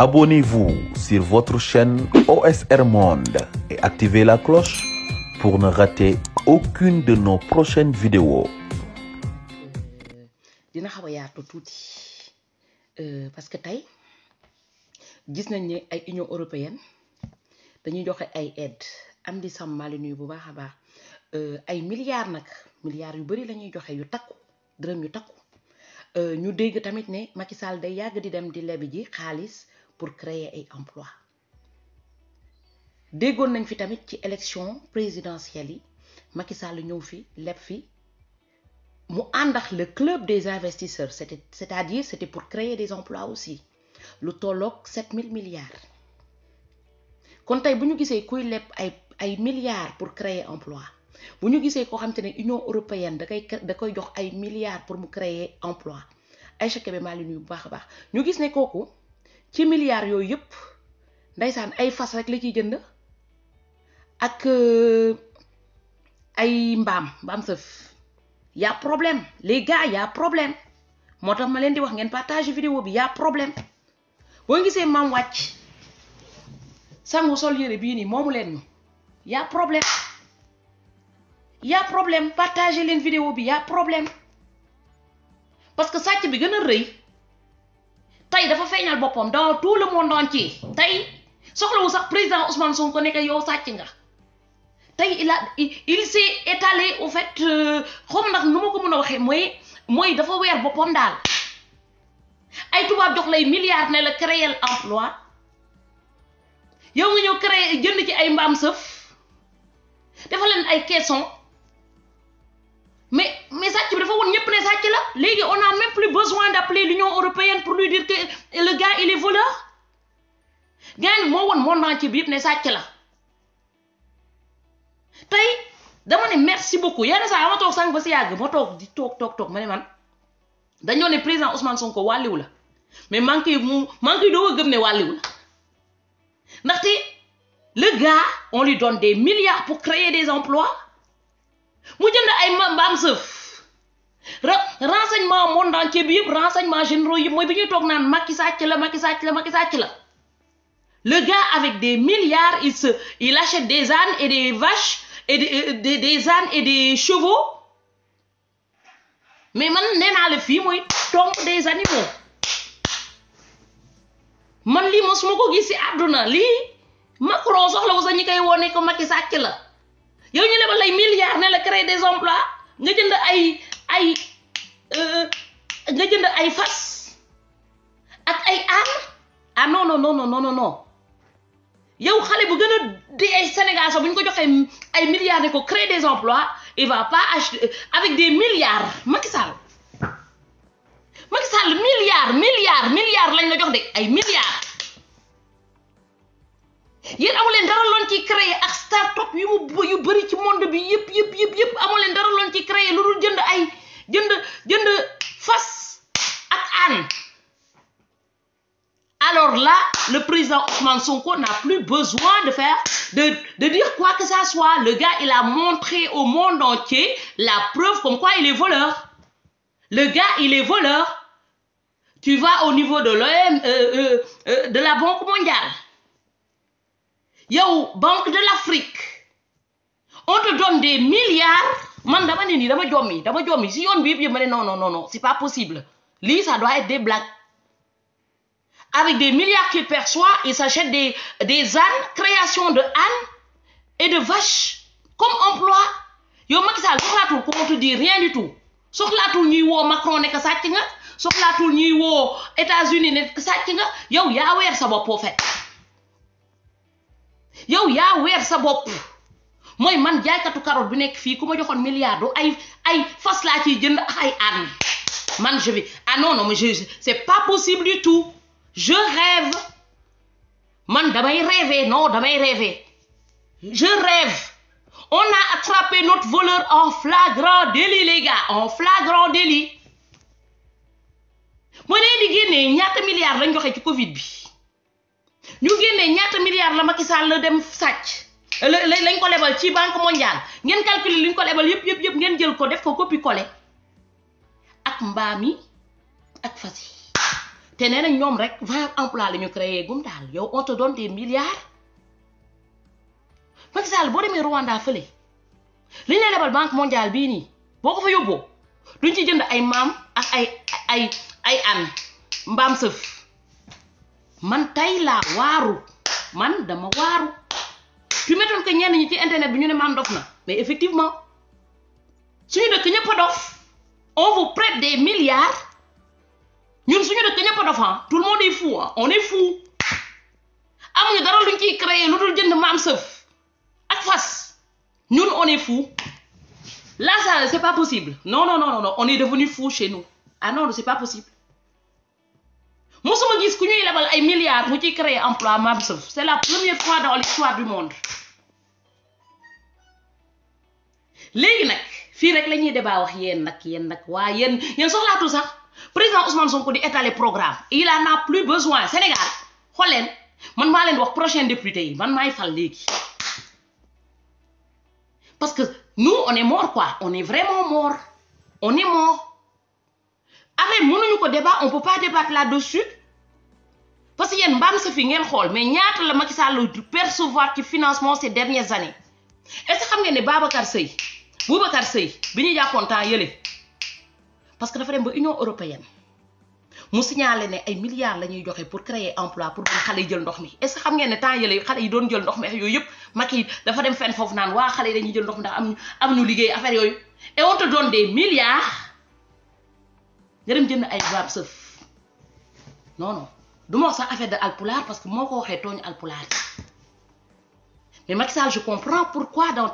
Abonnez-vous sur votre chaîne OSR Monde et activez la cloche pour ne rater aucune de nos prochaines vidéos. dina xaw yaatu tuuti euh, parce que tey gis nañ ne ay union européenne dañuy joxe ay aide am di sàmm maa nuyu bu baax a baax euh, ay milliards nag milliards yu bari lañuy joxe yu takku dërëm yu takku euh, ñu dégg tamit ne Macky day yàgg di dem di lebi ji xaalis. pour créer ay emploi déggoon nañ fi tamit ci élection présidentielle yi Macky Sall ñëw fi leb fi mu ànd ak le club des investisseurs c'était c'est-à-dire c'était pour créer des emplois aussi lu tolloog 7000 milliards kon tey bu ñu gisee kuy leb ay ay milliards pour créer emploi bu ñu gisee koo xam te ne Union européenne da koy da koy jox ay milliards pour mu créer emploi ay Aïcha Kébé maa li bu baax a baax ñu gis ne kooku ci milliards yooyu yëpp ndaysaan ay fas rek la ciy jënd ak euh, ay mbaam mbaam sëf yaa problème les gars y a problème moo tax ma leen di wax ngeen partage vidéo bi y a problème boo seen mam wàcc sangu sol yére bii nii moomu leen ñu y a problème y problème partage leen vidéo bi y problème parce que sàcc bi gën a rëy tey dafa feeñal boppam dana tout le monde entier tey soxlawu sax président Ousmane ko nekk yow sàcc nga tey il a il s'est étalé au fait euh, xaw ma ndax nu ma ko mën a waxee mooy mooy dafa weer boppam daal ay tubaab jox lay milliards ne la créer emploi yow nga ñëw créer jënd ci ay mbaam sëf dafa leen ay caisson dafa woon ñëpp ne sàcc la léegi on a même plus besoin d'appeler l'Union européenne pour lui dire que le gars il est voleur moo woon monde entier bi yëpp ne sàcc la tey dama merci beaucoup yenn saa ma toog sànq ba si yàgg ma toog di toog toog toog ma ne man dañoo ne président Ousmane Sonko wàlliwu la mais man kay mu man kay doo ko gëm ne wàlliwu la ndaxte le gars on lui donne des milliards pour créer des emplois mu jënd ay mbaam sëf renseignement monde entier bi yëpp renseignement généraux yëpp mooy bi ñuy toog naan Macky sàcc la Macky sàcc la Macky sàcc la le gars avec des milliards il se il achète des ânes et des vaches et des euh, des des et des chevaux mais man nee la fii mooy tombe des animaux man lii mos ma ko gis si àdduna lii Macron soxla wu sa ñi koy wone ko Macky sàcc la yow ñu lebal lay milliards ne la créer des emplois nga jënd ay. ay euh, nga jënd ay fas ak ay aan ah non non non non non non yow xale bu gën a di ay Sénégal sax bu ñu ko joxee ay milliards ne ko créer des emplois il va pas acheter euh, avec des milliards Macky Sall Macky lañ la jox de ay milliards yéen amu dara loon ci créer ak start-up yu mu yu bëri ci monde bi yëpp yëpp yëpp yëpp amu leen dara loon ci créer lu dul jënd ay. jënd jënd fas ak alors là le président Ousmane Sonko n'a plus besoin de faire de dire quoi que ça soit le gars a montré au monde entier la preuve comme quoi il est voleur le gars il est voleur tu vas au niveau de l'OM euh, euh, euh, de la Banque mondiale yow Banque de l'Afrique on te donne des milliards man dama ne nii dama jommi dama jommi si yoon bi yëpp yëpp ma ne non non non non c'est pas possible lii ça doit être des blagues avec des milliards qu'il perçoit il s'achète des des ânes création de ânes et de vache comme emploi yow Macky Sall soxlaatul ko tu di rien du tout soxlaatul ñuy woo Macron nekk sàcc nga soxlaatul ñuy woo États-Unis nekk sàcc nga yow yaa weer sa bopp fekk yow yaa weer sa bopp. mooy man jaaykatu carotte bu nekk fii ku ma joxoon milliard ay ay fas laa ciy jënd ay ànd man je vais ah non non mais je c'est pas possible du tout je rêve man damay rêver non damay rêver je rêve on a attrapé notre voleur en flagrant délit les en flagrant délit ma nee di génnee ñaata milliards lañ joxe ci Covid bi ñu génnee ñaata milliards la Macky Sall la dem sàcc. lañ ko lebal ci bànk mondiale ngeen calculer li ko lebal yëpp yëpp yëpp ngeen jël ko def ko copie collé ak mbaam yi ak fas yi te nee ñoom rek vingt emploi la ñu créé gum daal yow on te donne des milliards Macky boo demee Rwanda fële li ñu lebal banque mondiale bii nii boo ko fa yóbboo duñ ci jënd ay maam ak ay ay ay mbaam sëf man tey laa waaru man dama waaru fi métoon que ñenn ñi ci internet bi ñu ne maam dof na mais effectivement suñu dëkk ñëpp a dof on vous prête des milliards ñun suñu dëkk ñëpp a dof ah tout le monde est fou ah on est fou amuñu dara luñ ciy créer lu dul jënd maam sëf ak fas ñun on est fou là ça c'est pas possible non non non non on est devenu fou chez ah non c'est pas possible mosuma gis ku ñuy lebal ay milliards mu ciy créer emploi maam sëf c'est la première fois dans l'histoire du monde léegi nag fii rek la ñuy débat wax yéen nag yéen nag waa yéen yéen soxlaatu sax président Ousmane Sonko di étaler programme il en a plus besoin Sénégal xool leen man maa leen wax prochain député yi man maay fal léegi parce que nous on est mort quoi on est vraiment mort on est mort amee mënuñu ko débat on peut pas débattre là-dessus parce que yéen mbaam sa fi ngeen xool mais ñaata la Macky Sall percevoir ci financement ces dernières années est-ce ne Babacar Seye Boubacar Seye bi ñu jàppoon temps yële parce que dafa dem ba Union européenne mu signalé ne ay milliards la ñuy joxe pour créer emploi pour xale yi jël ndox mi est-ce que xam ngeen ne temps yële xale yi doon jël ndox mi ak yooyu yëpp mag yi dafa dem fenn foofu naan waa xale yi dañuy jël ndox mi ndax am am ñu liggéey affaire yooyu et on te donne des milliards nga dem jënd ay baab sëf non non du ma wax sax affaire de alpulaar parce que moo ko waxee tooñ alpulaar mais Macky Sall je comprends pourquoi dans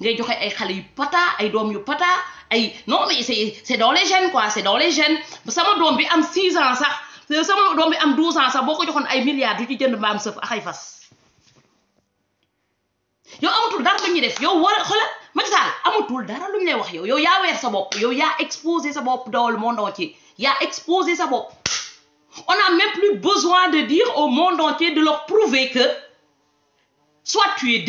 ngay joxe ay xale yu pata ay doom yu pata ay non mais c'est c'est dans les gènes quoi c'est dans les gènes sama doom bi am 6 ans sax sama doom bi am 12 ans sax boo ko joxoon ay milliards yu ci jënd mbaam sëf a ay fas yow amatul dara lu ñuy def yow war a xoolal Macky Sall dara lu ñu lay wax yow yow yaa weer sa bopp yow yaa exposé sa bopp dans le monde entier yaa exposé sa bopp on n'a même plus besoin de dire au monde entier de leur prouver que soit tu es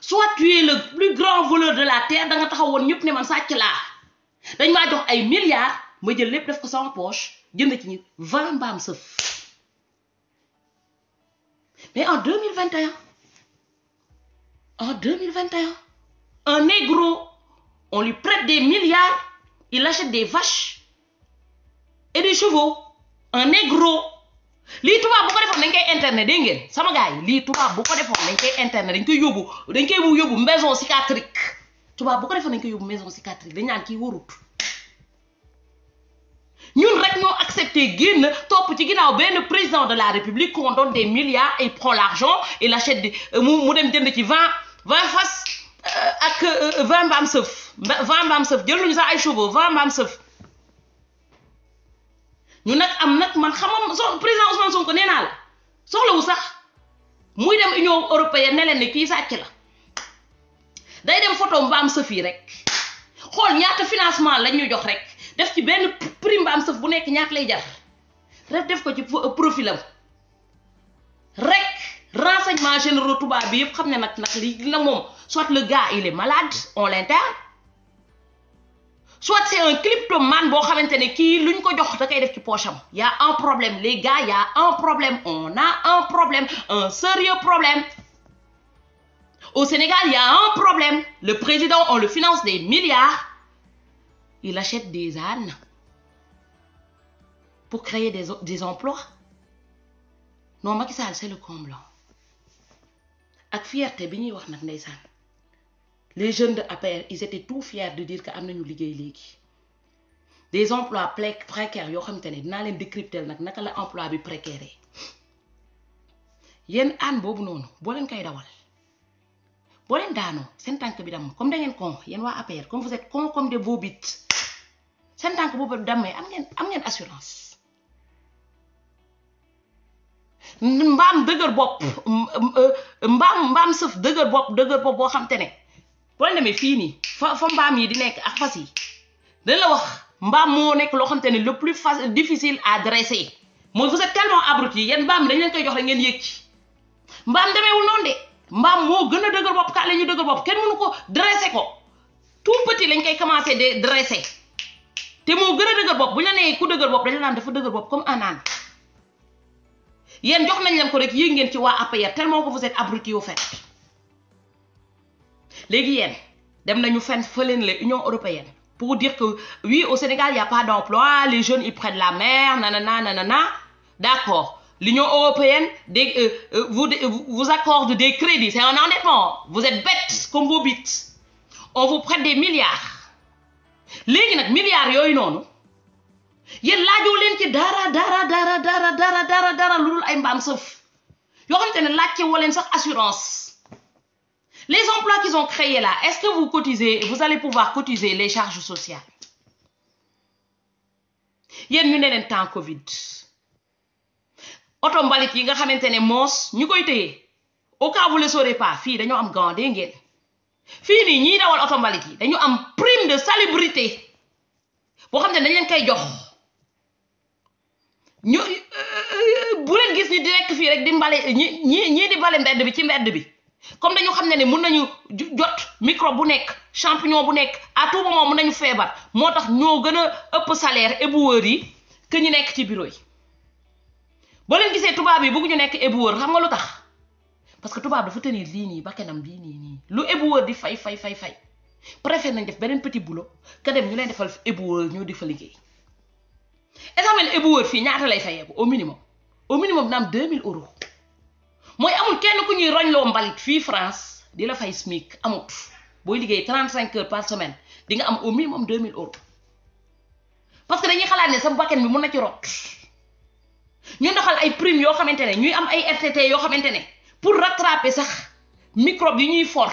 soit tu es le plus grand voleur de la terre da nga taxaw woon ñëpp ne man sàcc laa dañ maa jox ay milliards ma jël lépp def ko sama poche jënd ci ñi varambaam sëf mais en deux mille vingt et un en deux mille vingt et un un négro on lui prête des milliards il achète des vaches et des chevaux un négro lii tubaab bu ko defoon dañ koy internet dégg ngeen sama gars yi lii tubaab bu ko defoon dañ koy internet dañ koy yóbbu dañ koy yóbbu maison psychiatrique tubaab bu ko defoon dañ koy yóbbu maison psychiatrique dañ naan kii warut ñun rek ñoo accepté génn topp ci ginnaaw benn président de la république qu'on donne des milliards et prend l'argent et l'achète di euh, mu mu dem jënd ci vingt vingt fas euh, ak euh, vingt mbaam sëf vingt mbaam sëf sax ay chevaux vingt mbaam sëf ñu nag am nag man xamam so président Ousmane Sonko nee naa la soxlawu sax muy dem union européenne ne leen ni kii sàcc la day dem photo ba am sëf yi rek xool ñaata financement lañ ñu jox rek def ci benn prime ba sëf bu nekk ñaata lay jar rek def ko ci profilam rek renseignement généraux tubaab bi yëpp xam ne nag nag lii la moom soit le gars il est malade on l'interne soit c'est un kleptomane boo xamante ne kii luñ ko jox da koy def ci poche am y a un problème les gars a un problème on a un problème un sérieux problème au Sénégal y a un problème le président on le finance des milliards il achète des ânes pour créer des des emplois non Macky c'est le comble ak fierté bi ñuy wax nag ndeysaan les jeune de APR ils étaient tout fiers de dire que am nañu liggéey léegi des emplois précaires yoo xamante ne dinaa leen décrypter nag naka la emploi bi précaire yéen aan boobu noonu boo leen koy dawal boo leen daanoo seen tànk bi dam comme da ngeen con yéen waa APR comme vous êtes con comme des bobites seen tànk boobu damay am ngeen am ngeen assurance. mbaam dëgër bopp euh, mbaam mbaam sëf dëgër bopp dëgër bopp boo xam te ne boo demee fii nii fa fa mbaam yi di nekk ak fas yi dañ la wax mbaam moo nekk loo xam te ne le plus facile difficile à dresser mooy vous êtes tellement abruti yéen mbaam yi dañ leen koy jox rek ngeen yéeg ci mbaam demeewul noonu de mbaam moo gën a dëgër bopp kaa la ñu dëgër bopp kenn mënu ko dresser ko tout petit lañ koy commencé de dresser te moo gën a dëgër bopp bu ñu la ku dëgër bopp dañ la naan dafa dëgër bopp comme un âne yéen jox nañ leen ko rek yéeg ngeen ci waa APR tellement que vous êtes abruti au léegi yéen dem nañu fenn fële ne l'Union européenne pour dire que oui au Sénégal y a pas d'emploi les jeunes ils prennent la mer nanana nanana d'accord l'Union européenne des euh, euh vous vous accorde des crédits en un endettement vous êtes bêtes comme vos bites on vous prête des milliards léegi nag milliards yooyu noonu yéen laajoo leen ci dara dara dara dara dara dara lu dul ay mbaam sëf yoo xamante ne laajte woo leen sax assurance Les emplois qu'ils ont créés là, est-ce que vous cotisez, vous allez pouvoir cotiser les charges sociales yéen ñu ne leen temps Covid oto mbalit yi nga xamante ne moos ñu koy téye au cas vous pas fii dañoo am gande ngeen fii nii ñiy dawal oto mbalit yi dañu am prime de salubrité boo xam ne dañ leen koy jox ñu euh, euh, euh, bu leen gis ñi di fii rek di mbale ñi ñi ñii di bale mbedd bi ci mbedd bi. comme dañu xam ne ne mun nañu jot microbe bu nekk champignon bu nekk à tout mun nañu feebar moo tax ñoo gën a ëpp salaire éboueur yi que ñu nekk ci bureau yi boo leen gisee tubaab yi bëgg ñu nekk éboueur xam nga lu tax parce que tubaab dafa tenir lii nii bakkanam lii nii nii lu éboueur di fay fay fay fay préfère nañ def beneen petit boulot que dem ñu leen defal éboueur ñoo di fa liggéey examen éboueur fii ñaata lay fayeeku au minimum au minimum dina am 2000 euros. mooy amul kenn ku ñuy roñloo mbalit fii France di la fay SMIC amut booy liggéey trente cinq heures par semaine di nga am au minimum deux mille euros parce que dañuy xalaat ne sa bakkan bi mun na ci rot ñu doxal ay prime yoo xamante ne ñuy am ay RTT yoo xamante ne pour rattraper sax microbe yi ñuy for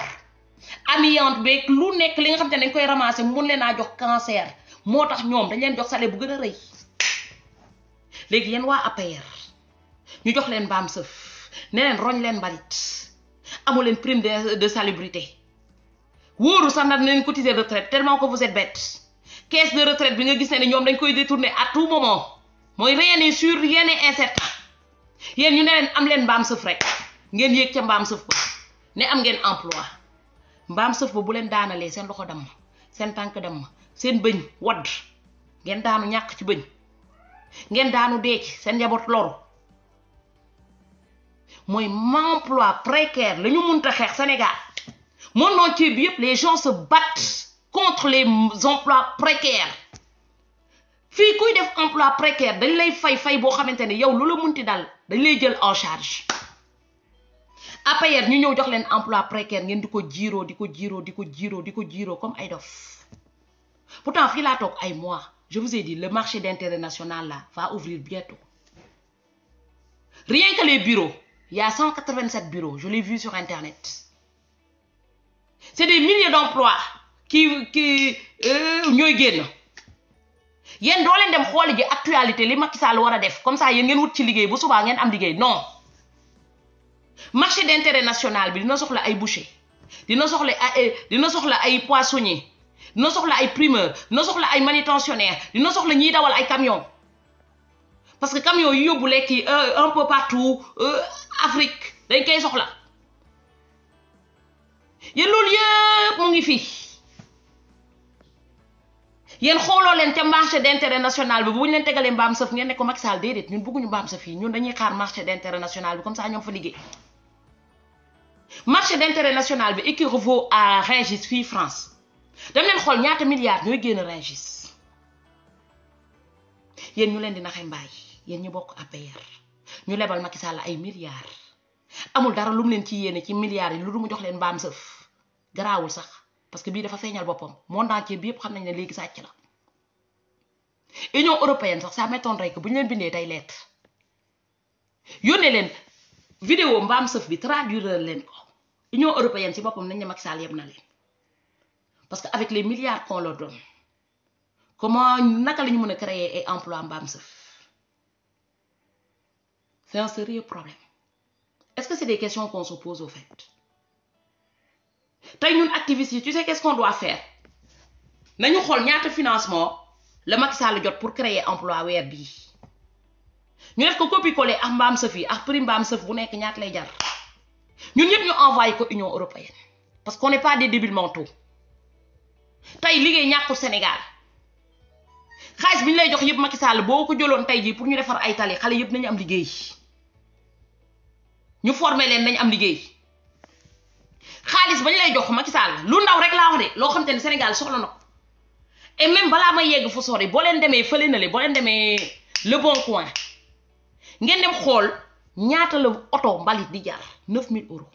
amiante beeg lu nekk li nga xam ne dañ koy ramasser mun leen a jox cancer moo tax ñoom dañ leen jox salaire bu gën a rëy léegi yéen waa APR ñu jox leen mbaam sëf ne leen roñ leen mbalit amu leen prime de de salubrité wóoru sax nag leen cotiser retraite tellement ko vous êtes bett caisse de retraite bi nga gis ne ñoom dañ koy détourner à tout moment mooy rien n'est sûr rien n'est incertain yéen ñu ne leen am leen mbaam sëf rek ngeen yéeg ca mbaam sëf ba ne am ngeen emploi mbaam sëf ko bu leen daanalee seen loxo dem seen tànk dem seen bëñ wadd ngeen daanu ñàkk ci bëñ ngeen daanu dee ci seen njaboot loru mooy emploi précaire la ñu mënta xeex Sénégal monde entier bi yëpp les gens se battent contre les emplois précaires fii kuy def emploi précaire dañ lay fay fay boo xamante ne yow la munti dal dañ lay jël en charge APR ñu ñëw jox leen emploi précaire ngeen di ko jiiroo di ko jiiroo di ko jiiroo di ko jiiroo comme ay dof pourtant fii laa toog ay mois je vous ai dit le marché d'intérêt national là va ouvrir bientôt rien que les cent y a 187 bureaux, je l'ai vu sur Internet. C'est des milliers d'emplois qui qui euh, ñooy génn yéen doo leen dem xooli ji actualité li Macky Sall war a def comme ça yéen ngeen wut ci liggéey bu subaa ngeen am liggéey non marché d'intérêt national bi dina soxla ay boucher dina soxla ay euh, dina soxla ay poissonnier dina soxla ay primeur dina soxla ay manutentionnaire dina soxla ñiy dawal ay camion parce que camion yi yóbbu lekk yi euh, un peu partout euh, Afrique dañ koy soxla yéen loolu yëpp mu ngi fii yéen xooloo leen ca marché d'intérêt national bi bu ñu leen tegalee mbaam sëf ko Macky Sall déedéet bëgguñu mbaam sëf yi ñun dañuy xaar marché d'intérêt national bi comme ça ñoom fa liggéey marché d'intérêt national bi équivaut à Rungis fii France dem leen xool ñaata milliards ñooy génn Rungis yéen ñu leen di naxe mbaay yéen ñu bokk APR ñu lebal Macky Sall ay milliards amul dara lu mu leen ci yéene ci milliards yi lu du mu jox leen mbaam sëf garaawul sax parce que bii dafa feeñal boppam monde entier bi yëpp xam nañ ne léegi sàcc la Union européenne sax ça bu ñu leen bindee tey lettre yónnee leen vidéo mbaam sëf bi traduire leen ko Union européenne ci boppam nañ ne Macky Sall na leen parce que avec les milliards qu'on leur comment naka la mën a créer ay emploi mbaam sëf C'est un sérieux problème. Est-ce que c'est des questions qu'on se pose au fait tey ñun activistes yi tu sais qu'est-ce qu'on doit faire nañu xool ñaata financement la Macky Sall jot pour créer emploi weer bii ñu def ko copie coller ak mbaam sëf yi ak prix mbaam sëf bu nekk ñaata lay jar ñun yëpp ñu envoyé ko Union européenne parce qu'on n'est pas des débiles mentaux tey liggéey ñàkkul Sénégal xaalis bi ñu lay jox yëpp Macky Sall boo ko jëloon tey jii pour ñu defar ay tali xale yëpp nañu am liggéey. ñu formé leen dañ am liggéey xaalis bañ lay jox Macky Sall lu ndaw rek laa wax loo xam te ne Sénégal soxla na ko et même balaa may yegg fu sori boo leen demee fële na le boo leen bon coin ngeen dem xool ñaata la oto mbalit di jaar 9000 euros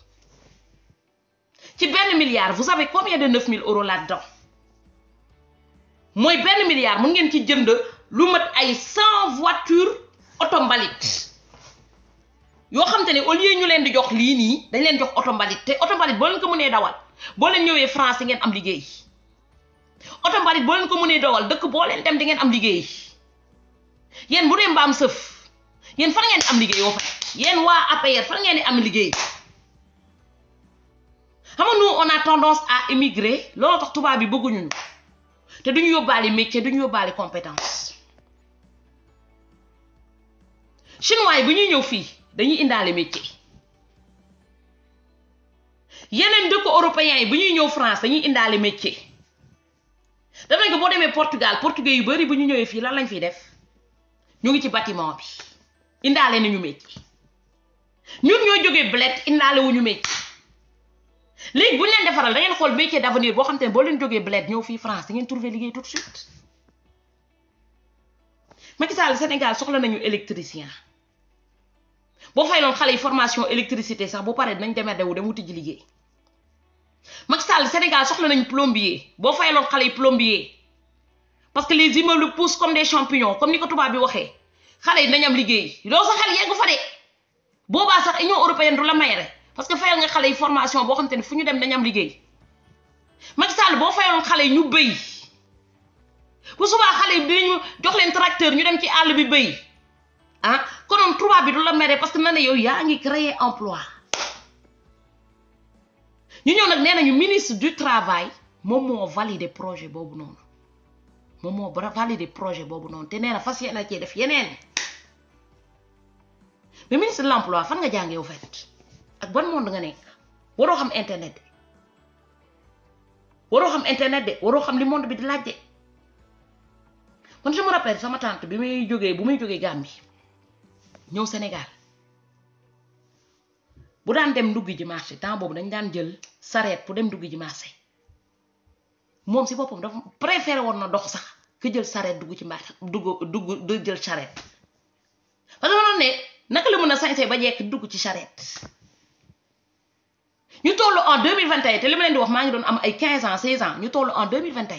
ci benn milliard vous savez combien de 9000 euros là-dedans mooy benn milliard mun ngeen ci jënd lu mat ay 100 voitures oto mbalit. yoo xam ne au lieu ñu leen di jox lii nii dañ leen jox oto mbalit te oto mbalit boo leen ko mënee dawal boo leen ñëwee France di ngeen am liggéey oto mbalit boo leen ko mënee dawal dëkk boo leen dem di ngeen am liggéey yéen bu dee mbaam sëf yéen far ngeen am liggéey yoo fa yéen waa APR far ngeen di am liggéey xam nga nous on a tendance à émigrer looloo tax tubaab yi bëgguñu ñu te duñu yóbbaale métier duñu yóbbaale compétence chinois yi bu ñuy ñëw fii. dañuy indaale métier yeneen dëkku européens yi bu ñuy ñëw France dañuy indaale métier daf nañ ko boo demee Portugal portugais yu bari bu ñu ñëwee fii lan lañu fiy def ñu ngi ci batiment bi indaale nañu métier ñun ñoo jógee bled indaale ñu métier léegi bu ñu leen defaral da ngeen xool métier d'avenir boo xam te ne boo leen jógee bled ñëw fii France da ngeen trouver liggéey tout de suite Macky Sall Sénégal soxla nañu électricien boo fayloon xale yi formation électricité sax bu paree dinañ demee dewu dem wuti ji liggéey Macky Sall Sénégal soxla nañ plombier boo fayloon xale yi plombier parce que les immeubles poussent comme des champignons comme ni ko tubaab bi waxee xale yi nañ am liggéey loolu sa xel yeggu fa de boobaa sax union européenne du la mayere parce que fayal nga xale yi formation boo xam te ne fu ñu dem dañ am liggéey Macky Sall boo fayaloon xale yi ñu béy bu subaa xale yi dinañu jox leen tracteur ñu dem ci àll bi béy ah, konoon tubaab bi du la mere parce que na ne yow yaa ngi créer emploi ñu ñëw nag nee nañu ministre du travail moom moo validé projet boobu noonu moom moo validé projet boobu noonu te nee na fas yéene cee def yeneen mais ministre de l'emploi fan nga jàngee ak ban monde nga nekk waroo xam internet de waroo xam internet de waroo xam li monde bi di laaj de man je me rappelle sama tante bi muy jógee bu muy jógee Gambie. ñëw Sénégal bu daan dem ndugg ji marché temps boobu dañ daan jël sareet bu dem dugg ji marché moom si boppam dafa préféré woon na dox sax ki jël sareet dugg ci marché dugg dugg jël sareet parce que ma ne naka la mën a sañsee ba jekk dugg ci sareet ñu toll en 2021 te li ma leen di wax maa ngi doon am ay 15 ans 16 ans ñu toll en 2021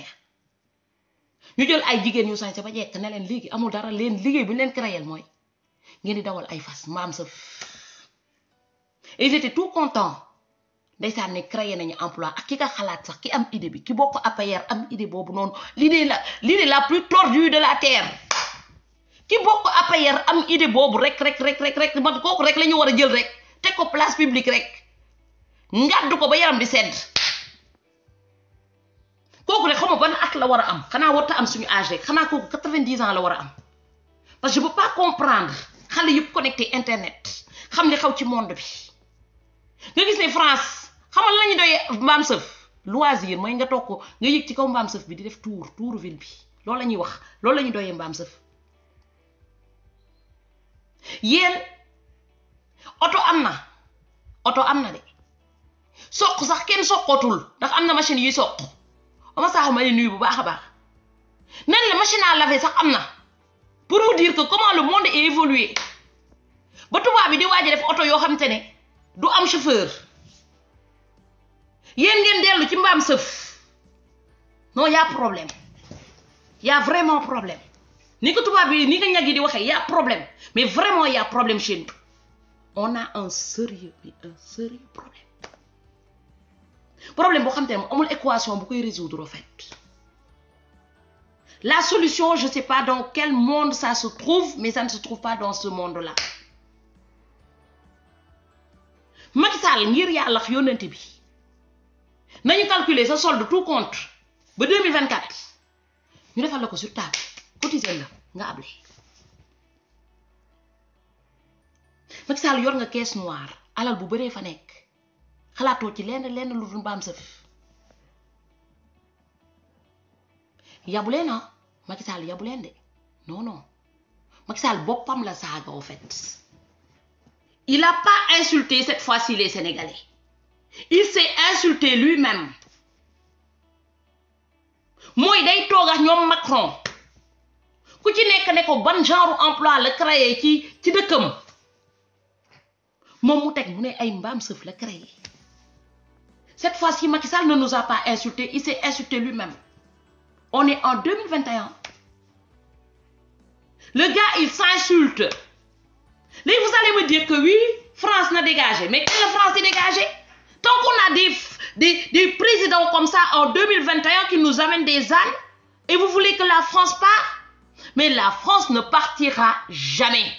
ñu jël ay jigéen ñu sañse ba jekk ne leen léegi amul dara leen liggéey bi ñu leen créé mooy ngeen di dawal ay fas maam sa et tout étaient tout contents ndeysaan ne créer nañu emploi ak ki nga xalaat sax ki am idée bi ki bokk APR am idée boobu noonu l'idée la l'idée la plus tordue de la terre ki bokk APR am idée boobu rek rek rek rek man kooku rek lañu war a jël rek teg ko place publique rek ngàddu ko ba yaram di sedd kooku rek xaw ma ban at la war am xanaa warta am suñu âge rek xanaa kooku quatre-vingt-dix ans la war a am parce que je pas comprendre xale yëpp connecté internet xam li xaw ci monde bi nga gis ne France xamal lañu doy mbaam sëf loisir mooy nga toog ko nga yëg ci kaw mbaam sëf bi di def tour tour ville bi loolu la ñuy wax loolu la ñuy doyee mbaam sëf yéen oto am na oto am na de soq sax kenn soqootul ndax am na machine yuy soq ba ma ma ne nuyu bu baax a baax nan la machine à laver sax am na pour vous dire que comment le monde est évolué ba tubaab bi di waaj def oto yoo xamante ne du am chauffeur yéen ngeen dellu ci mbaam sëf noo y' problème yaa a vraiment problème ni ko tubaab bi ni ko ñag yi di waxee y' problème mais vraiment y' a problème chez nous on a un sérieux problème problème boo xamante ne amul équation bu koy résoudre en fait. La solution, je ne sais pas dans quel monde ça se trouve, mais ça ne se trouve pas dans ce monde-là. Macky ngir yàlla yónnante bi nañu calculer sa solde tout compte ba 2024 ñu defal la ko sur table cotiser la nga able Macky Sall yor nga caisse noire alal bu baree fa nekk xalaatoo ci lenn lenn lu dul mbaam sëf yabu leen ah Macky Sall leen de non non Macky boppam la saaga en fait il a pas insulté cette fois-ci les Sénégalais il s'est insulté lui-même mooy day toog ak ñoom Macron ku ci nekk ne ko ban genre emploi la créé ci ci dëkkam moom mu teg mu ne ay mbaam sëf la créé cette fois-ci Macky Sall ne nous a pas insulté il s'est insulté lui-même On est en Le gars, il s'insulte. Là, vous allez me dire que oui, France n'a dégagé. Mais quelle France est dégagée Tant qu'on a des, des, des, présidents comme ça en qui nous amènent des ânes, et vous voulez que la France parte Mais la France ne partira jamais.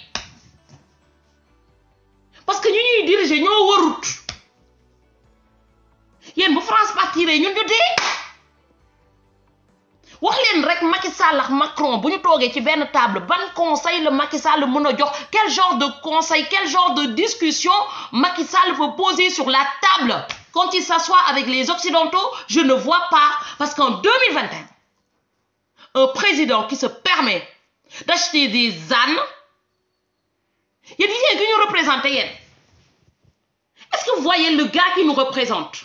Parce que nous, nous dirigeons, nous, route. Il y a une France wax leen rek Macky Sall ak Macron bu ñu toogee ci benn table ban conseil la Macky Sall mën a jox quel genre de conseil quel genre de discussion Macky Sall peut poser sur la table quand il s'assoit avec les occidentaux je ne vois pas parce qu'en 2021 un président qui se permet d'acheter des ânes yéen yéen ki ñu représenté yéen est-ce que vous voyez le gars qui nous représente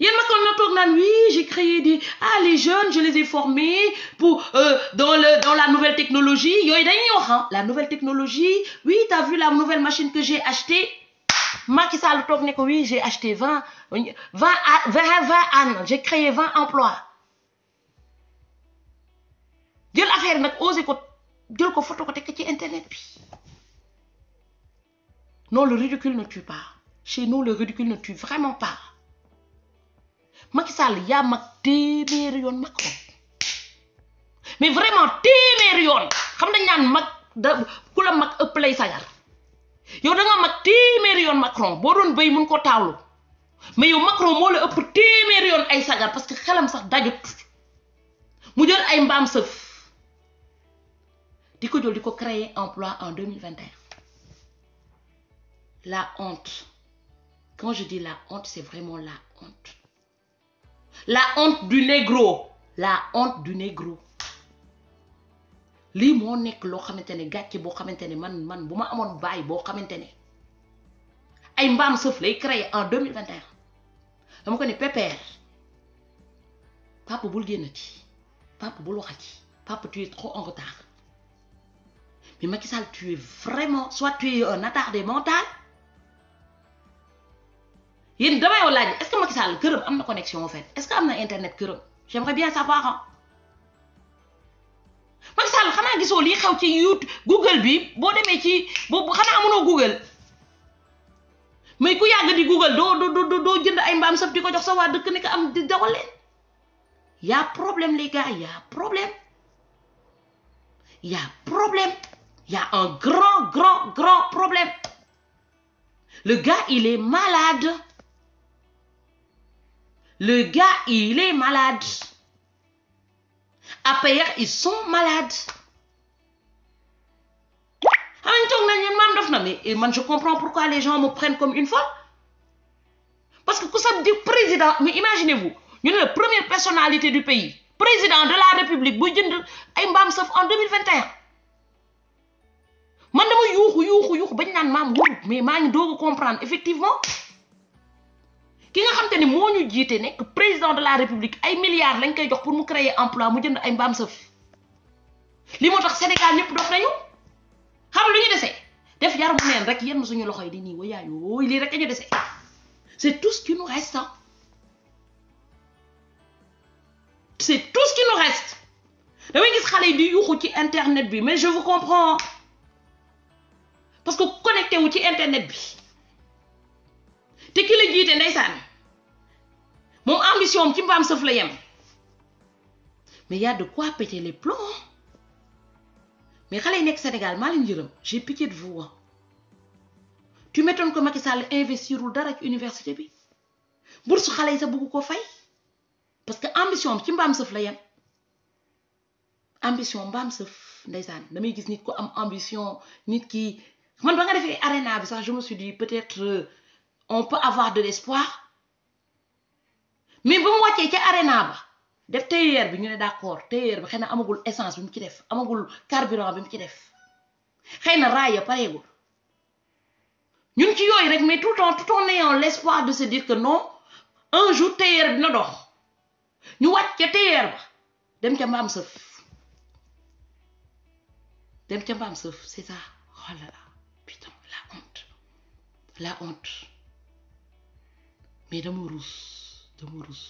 yéen ma kon na toog j'ai créé des ah les jeunes je les ai formés pour euh, dans le la nouvelle technologie yooyu dañuy wax ah la nouvelle technologie oui t'as vu la nouvelle machine que j'ai achetée Macky Sall toog ne ko oui j'ai acheté vingt vingt vingt j'ai créé vingt emplois jël affaire nag osé ko jël ko ci internet bi non le ridicule ne tue pas chez nous le ridicule ne tue vraiment pas Macky Sall yaa mag téeméeri yoon Macron mais vraiment téeméeri yoon xam nañ naan mag da ku la mag ëpp lay sagar yow da nga mag téeméeri yoon Macron boo doon béy mun ko taawlu mais yow Macron moo la ëpp téeméeri yoon ay sagar parce que xelam sax dajut mu jël ay mbaam sëf di ko jël di ko créer emploi en 2021 la honte quand je dis la honte c'est vraiment la honte la honte du négro la honte du négro lii moo nekk loo xamante ne gàcce boo xamante ne man man bu ma amoon baay boo xamante ni ay mbaam sëf lay créé en 2021 dama ko ne pépère papa bul génnati papa bul waxati papa tu es trop en retard mais Macky Sall tu vraiment soit tu un attardé mental yéen damay yow laaj est-ce que Macky këram am na connexion en fait est-ce que am na internet këram j'aimerais bien savoir ah Macky xanaa gisoo lii xew ci YouTube Google bi boo demee ci boobu xanaa amunoo Google mais ku yàgg di Google doo doo doo jënd ay mbaam saf di ko jox sa waa dëkk ne ko am di dawal problème les gars y problème y problème y un grand grand grand problème le gars il est malade. Le gars, il est malade. APR, ils sont malades. Ah, et man, je comprends pourquoi les gens me prennent comme une folle. Parce que quand ça dit président, mais imaginez-vous, nous sommes la première personnalité du pays, président de la République, en 2021. Man, je suis mais je comprendre, effectivement. ki nga xam te ne moo ñu jiite nekk président de la république ay milliards lañ koy jox pour mu créer emploi mu jënd ay mbaam sëf li moo tax Sénégal ñëpp dof nañu xam lu ñu dese def yar mu neen rek yenn suñu loxo yi di nii wayaay wooy lii rek a ñu dese c'est tout ce qui nous reste c'est tout ce qui nous reste damay gis xale yi di yuuxu ci internet bi mais je vous comprends parce que connecté wu ci internet bi te ki la jiite ndeysaan moom ambition ci mbaam sëf la yem mais y a de quoi péter mais xale yi nekk Sénégal maa leen yërëm j'ai pitié de vous tu m'étonnes que Macky investirul dara ci université bi bourse xale yi sa bugg ko fay parce que ambition ci mbaam sëf la yem ambition mbaam sëf ndeysaan damay gis nit ko am ambition nit ki man ba nga defee arena bi sax je me suis dit peut-être. Euh, on peut avoir de l'espoir mais ba mu wàccee ca arena ba def tailleur bi ñu ne d'accord tailleur bi xay na amagul essence bi mu ci def amagul carburant bi mu ci def xëy na raaya pareegul ñun ci yooyu rek mais tout en tout en ayant l'espoir de se dire que non un jour tailleur dina dox ñu wàcc ca tailleur ba dem ca mbaam sëf dem ca mbaam sëf c'est ça oh là là la honte la honte mais dama ruus dama ruus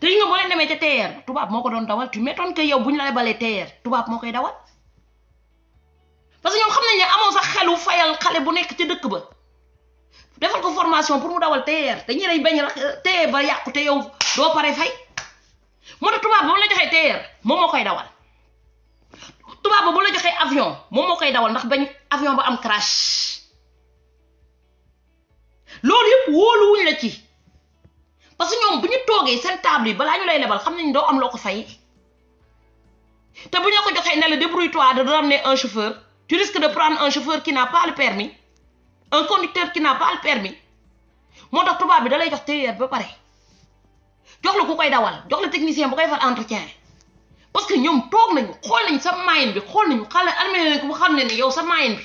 te ñu nga moo leen demee ca TER tubaab moo ko doon dawal tu m'étonnes que yow bu ñu la balee TER tubaab moo koy dawal parce que ñoom xam nañ fayal xale bu nekk ca dëkk ba defal ko formation pour mu dawal te ñeneen bañ la TER ba yàqu te yow doo pare fay moo tubaab ba mu la joxee TER moom moo koy dawal tubaab ba bu la joxee avion moom moo koy dawal ndax bañ avion ba am crash loolu yëpp wóoluwuñ la ci parce que ñoom bu ñu toogee seen table yi balaa ñu lay lebal xam nañ doo am loo ko fay te bu ñu ko joxee ne la débrouille-toi de ramener un chauffeur tu risques de prendre un chauffeur qui n'a pas le permis un conducteur qui n'a pas le permis moo tax tubaab bi dalay lay jox téyeer ba pare jox la ku koy dawal jox la technicien bu koy far entretien parce que ñoom toog nañu xool nañ sa maayin bi xool nañu xale armé nañ ko bu xam ne ne yow sa maayin bi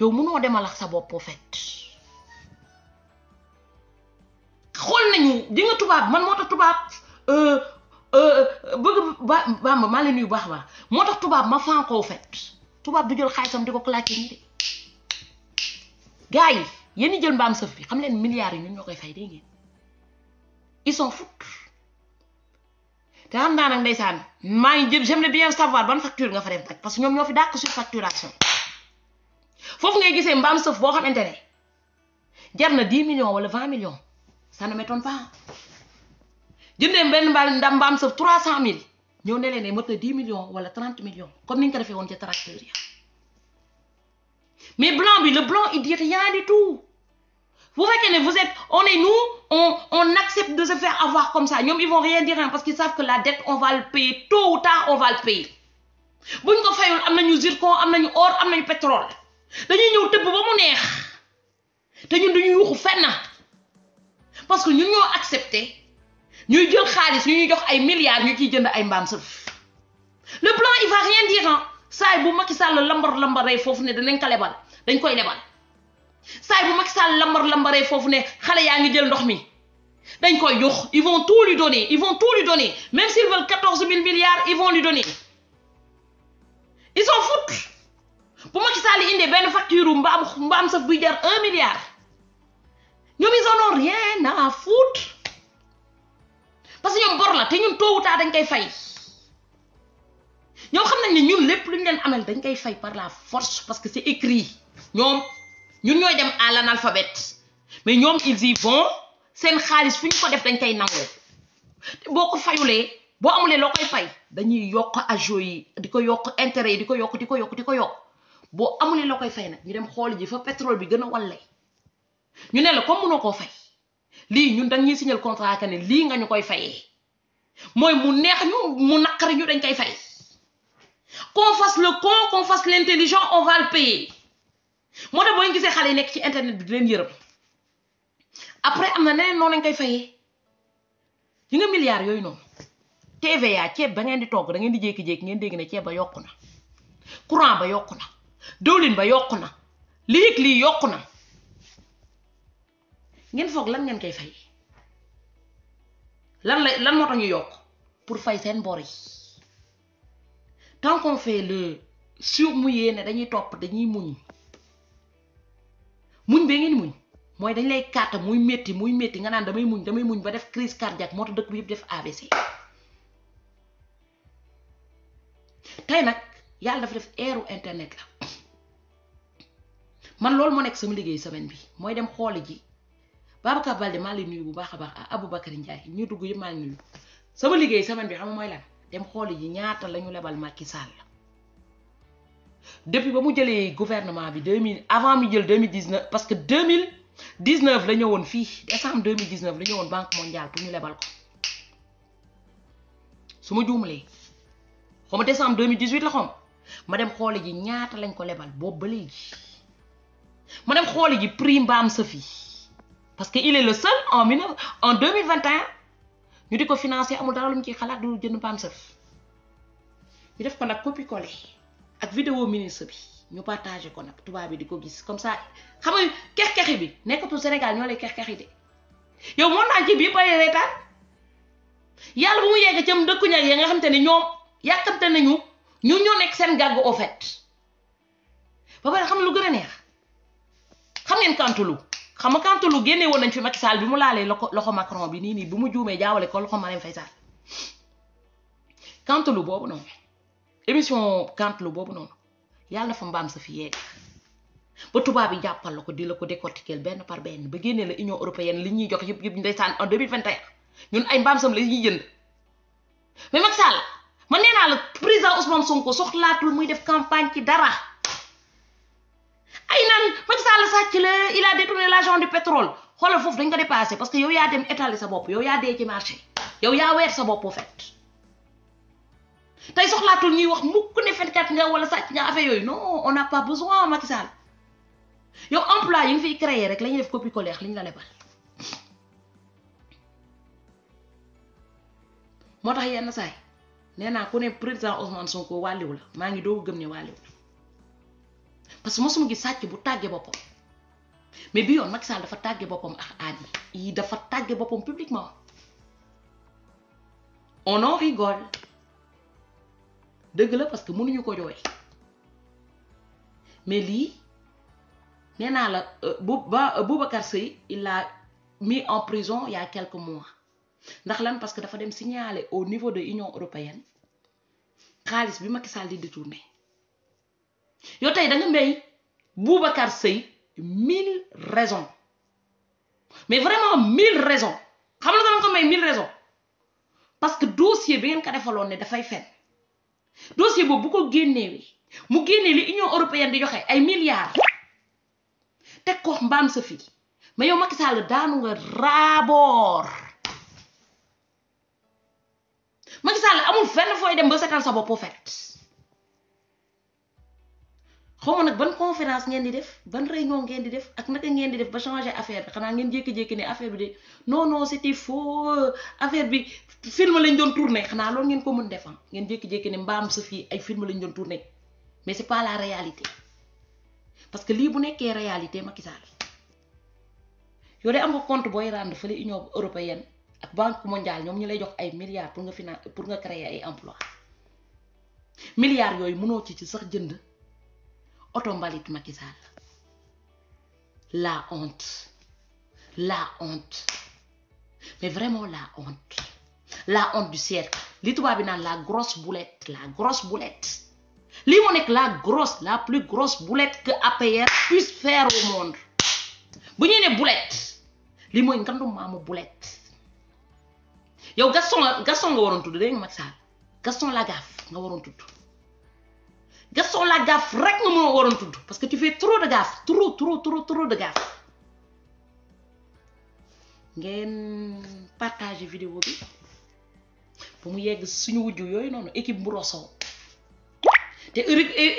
yow mënoo demal sa bopp en xool nañu di nga tubaab man moo tax tubaab euh, euh, bëgg ba bamba maa leen nuyu baax baax moo tax tubaab ma fan koo fet tubaab du jël xaalisam di ko claqué nii de gars yi yéen jël mbaam sëf bi xam leen milliards yi ñu ñoo koy fay dégg ngeen ils sont fous te xam maa ngi jëm j'aimerais bien savoir ban facture nga fa parce que ñoom ñoo fi dàq surfacturation foofu ngay gisee mbaam sëf boo xamante ne jar na 10 million wala 20 million ça ne m'étonne pas jëndee benn mbaal ndam ba am sa 300000 ñëw ne leen ne mot na 10 millions wala 30 millions comme ni nga ko defee woon ca tracteur mais blanc bi le blanc il dit rien du tout bu fekkee ne vous êtes on est nous on accepte de se faire avoir comme ça ñoom ils vont rien dire parce qu'ils savent que la dette on va le payer tôt ou tard on va le payer buñ ko fayul am nañu zircon am na ñu or am nañu pétrole dañuy ñëw tëbb ba mu neex te ñun duñu yuuxu parce que ñun ñoo accepté ñuy jël xaalis ñu ñuy jox ay milliards ñu ciy jënd ay mbaam sëf le plan il va rien dire ah saay bu Macky Sall lambar lambaree foofu ne danañ ko lebal dañ koy lebal saay bu Macky Sall lambar lambaree foofu ne xale yaa ngi jël ndox mi dañ koy jox ils vont tout lui donner ils vont tout lui donner même s'ils veulent quatorze mille milliards ils vont lui donner ils s'en foutent bu Macky Sall indee benn facture mbaam mbaam sëf buy jar un milliard. ñoom ils en ont rien à foutre parce que ñoom bor la te ñun tôt dañ koy fay ñoom xam nañ ne ñun lépp lu ñu leen amal dañ koy fay par la force parce que c'est écrit ñoom ñun ñooy dem à l'analphabète mais ñoom ils y vont seen xaalis fu ñu ko def dañ koy nangu boo ko fayulee boo amulee loo koy fay dañuy yokk ajo yi di ko yokk intérêt yi di ko yokk di ko yokk di ko yokk boo amulee loo koy fay nag ñu dem xool ji fa pétrole bi gën a walle ñu ne la comme mënoo koo fay lii ñun dañ ñuy signal contrat que ne lii nga ñu koy fayee mooy mu neex ñu mu naqari ñu dañ koy fay qu'on fasse le con qu'on fasse l'intelligent on va le payer moo tax boo gisee xale yi nekk ci internet bi di leen yërëm après am na neneen noonu lañ koy fayee yi nga milliards yooyu noonu TVA ceeb ba ngeen di togg da ngeen di jékki-jékki ngeen dégg ne ceeb ba yokk na courant ba yokku na diwlin ba yokk na lii ak lii yokk na ngeen foog lan ngeen koy fay lan la lan moo tax yokk pour fay seen bor yi tant qu'on fait le surmouillé ne dañuy topp dañuy muñ muñ bee ngeen muñ mooy dañ lay kàtta muy métti muy métti nga naan damay muñ damay muñ ba def crise cardiaque moo tax dëkk bi yëpp def ABC tey nag yàlla dafa def eeru internet la man loolu moo nekk sama liggéey semaine bi mooy dem xooli ji Babacar Balde maa lay nuyu bu baax a baax abu Aboubacar Ndiaye ñu dugg yëpp maa nuyu sama liggéey semaine bi xam mooy lan dem xooli ji ñaata ñu lebal Macky Sall ba mu jëlee gouvernement bi 2000 avant mu jël 2019 parce que 2019 la ñëwoon fii décembre 2019 la ñëwoon banque mondiale pour ñu lebal ko su ma juumlee xaw ma décembre 2018 la xaw ma dem xooli ji ñaata lañ ko lebal boobu ba léegi ma dem xooli ji prime baam sa fii. parce que il est le seul en mille en deux mille vingt et un ñu di ko financé amul dara lu mu ciy xalaat du jënd paam sëf ñu def ko nag copie collé ak vidéo ministre bi ñu partagé ko nag tubaab bi di ko gis comme sa xam nga kex-kexi bi nekkatu Sénégal ñoo lay kex-kexi de yow mën naa ci bii pare reetaan yàlla bu mu yegg cam dëkku ñag ya nga xam te ne ñoom yàkkamte nañu ñu ñoo nekk seen gàgg au fait ba pare xam lu gën a neex xam ngeen kantulu xam nga Kanteloup génne woon nañ fi Macky Sall bi mu laalee loxo loxo Macron bi nii nii bu mu juumee jaawale ko loxo Marème Faye Sall Kanteloup boobu noonu émission Kanteloup boobu noonu yàlla dafa mbaam sa fi yegg ba tubaab yi jàppal la ko di la ko décortiquer benn par benn ba génnee la Union européenne li ñuy jox yëpp yëpp ndeysaan en 2021 ñun ay mbaam sam la ñuy jënd mais Macky Sall man nee naa la président Ousmane Sonko soxlaatul muy def campagne ci dara. ay naan Macky Sall sàcc la il a détourné l'argent du pétrole xoolal foofu dañ ko dépassé parce que yow yaa dem étaler sa bopp yow yaa dee ci marché yow yaa weer sa bopp fet tey soxlaatul ñuy wax mukk ne fenkat nga wala sàcc nga affaire yooyu non on n'a pas besoin Macky Sall yow emploi yi nga fiy créer rek la ñuy def copier-coller li ñu la lebal moo tax yenn saay nee naa ku ne président Ousmane Sonko wàlliw la maa ngi doog gëm ne wàlliw parce que mosuma gis sàcc bu tàggee boppam mais bi yoon Macky dafa tàggee boppam ak aadi yi dafa tàggee boppam publiquement on en rigole dëgg la parce que mënuñu ko jooy mais lii nee naa la euh, euh, Boubacar Seye il a mis en prison il y a mois ndax lan parce que dafa dem signaler au niveau de union européenne xaalis bi Macky Sall di détourné yow tey da nga may Boubacar Seye mille raison mais vraiment mille raisons xam nga dama ko may mille raisons parce que dossier bi ngeen ko defaloon ne dafay fen dossier boobu bu ko génnee mu génnee li Union européenne di joxe ay milliards teg ko mbaam sa fii mais yow Macky Sall daanu nga raaboor Macky Sall amul fenn fooy dem ba setal sa bopp fet xaw ma nag ban conférence ngeen di def ban réunion ngeen di def ak naka ngeen di def ba changer affaire bi xanaa ngeen jékki-jékki ne affaire bi de non non c'était faux affaire bi film lañ doon tourné xanaa loolu ngeen ko mën defam ah. ngeen jékki-jékki ne mbaam sa fii ay film lañ doon tourné mais c'est pas la réalité parce que lii bu nekkee réalité Macky Sall yow de am nga compte booy rendre fële Union européenne ak Banque mondiale ñoom ñu lay jox ay milliards pour nga finance pour nga créer ay emplois milliards yooyu mënoo ci ci sax jënd. oto mbalit Macky Sall la honte la honte mais vraiment la honte la honte du siècle li tubaab bi naan la grosse boulette la grosse boulette lii moo nekk la grosse la plus grosse boulette que APR puisse faire au monde bu ñuy ne boulette lii mooy ngandu maamu boulette yow Gaston Gaston nga waroon tudd dégg nga Macky Sall Gaston Lagaffe nga waroon tudd Gaston Lagaffe rek nga moo waroon tudd parce que tu fais trop de gaffe trop trop trop trop de gaffe ngeen partager vidéo bi ba mu yegg suñu wujju yooyu noonu équipe Mboro Sow te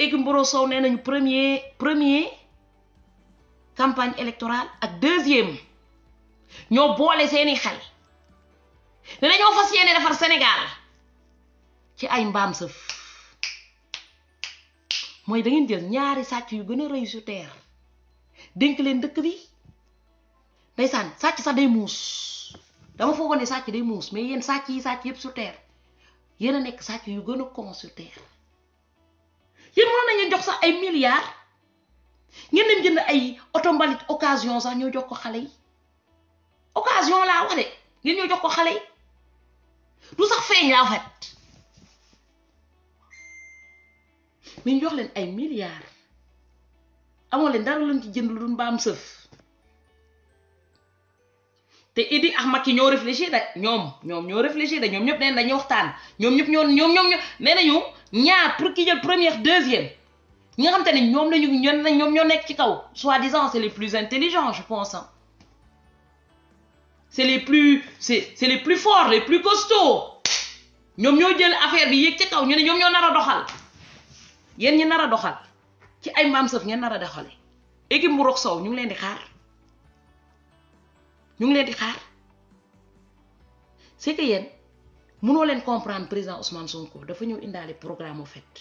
équipe Mboro Sow nee nañu premier premier campagne électorale ak deuxième ñoo boole seeni xel ne dañoo fas yéene defar Sénégal ci ay mbaam sëf mooy da ngeen jël ñaari sàcc yu gën a rëy su teer dénk leen dëkk bi ndeysaan sàcc sax day muus dama foogoon ne sàcc day muus mais yéen sàcc yi sàcc yëpp su teer yéen a nekk sàcc yu gën a con su teer yéen mënoon na ngeen jox sax ay milliards ngeen dem jënd ay oto mbalit occasion sax ñoo jox ko xale yi occasion laa wax de ngeen ñoo jox ko xale yi du sax feeñ laa fat mais jox leen ay milliards amoo leen dara lañ ci jënd lu dul mbaam sëf te Idi ak Macky ñoo réfléchir da ñoom ñoom ñoo réfléchir da ñoom ñëpp nee dañuy waxtaan ñoom ñëpp ñoo ñoom ñoom nee nañu ñaar pour ki jël première deuxième ñi nga xam te ne ñoom lañu ñoom ñoo nekk ci kaw soi-disant c'est les plus intelligents je pense c'est les plus c'est c'est les plus forts les plus costauds ñoom ñoo jël affaire bi yéeg ci kaw ñu ne ñoom ñoo nar a doxal yéen ñi nar a doxal ci ay maam sëf ngeen nar a doxale équipe mu rox sow ñu ngi leen di xaar ñu ngi leen di xaar c'est que yéen mënoo leen comprendre président Ousmane ko dafa ñëw indaale programme au fet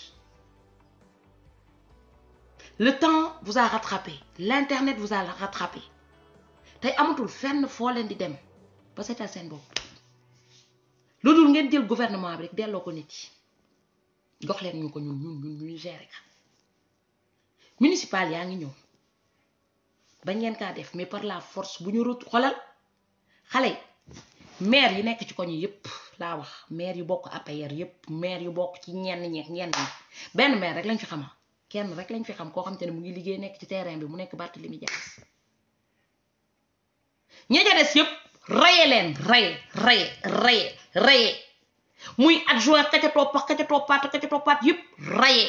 le temps vous a rattrapé l'internet vous a rattrapé tey amatul fenn foo leen di dem ba seetal seen bopp lu dul ngeen jël gouvernement bi rek delloo ko nit yi jox leen ñu ko ñun ñun ñun ñuy gérer ka municipal yaa ngi ñëw bañ ngeen kaa def mais par la force bu ñu rut xolal xale yi maire yi nekk ci ko ñu yëpp laa wax maire yu bokk APR yëpp maire yu bokk ci ñenn ñeek ñenn benn maire rek lañ fi xama kenn rek lañ fi xam koo xam te ne mu ngi liggéey nekk ci terrain bi mu nekk Barthélémy Dias ña ca des yëpp raye leen raye raye raye raye muy adjoint kaketoo pax kaketoo paat kaketoo paat yëpp rayé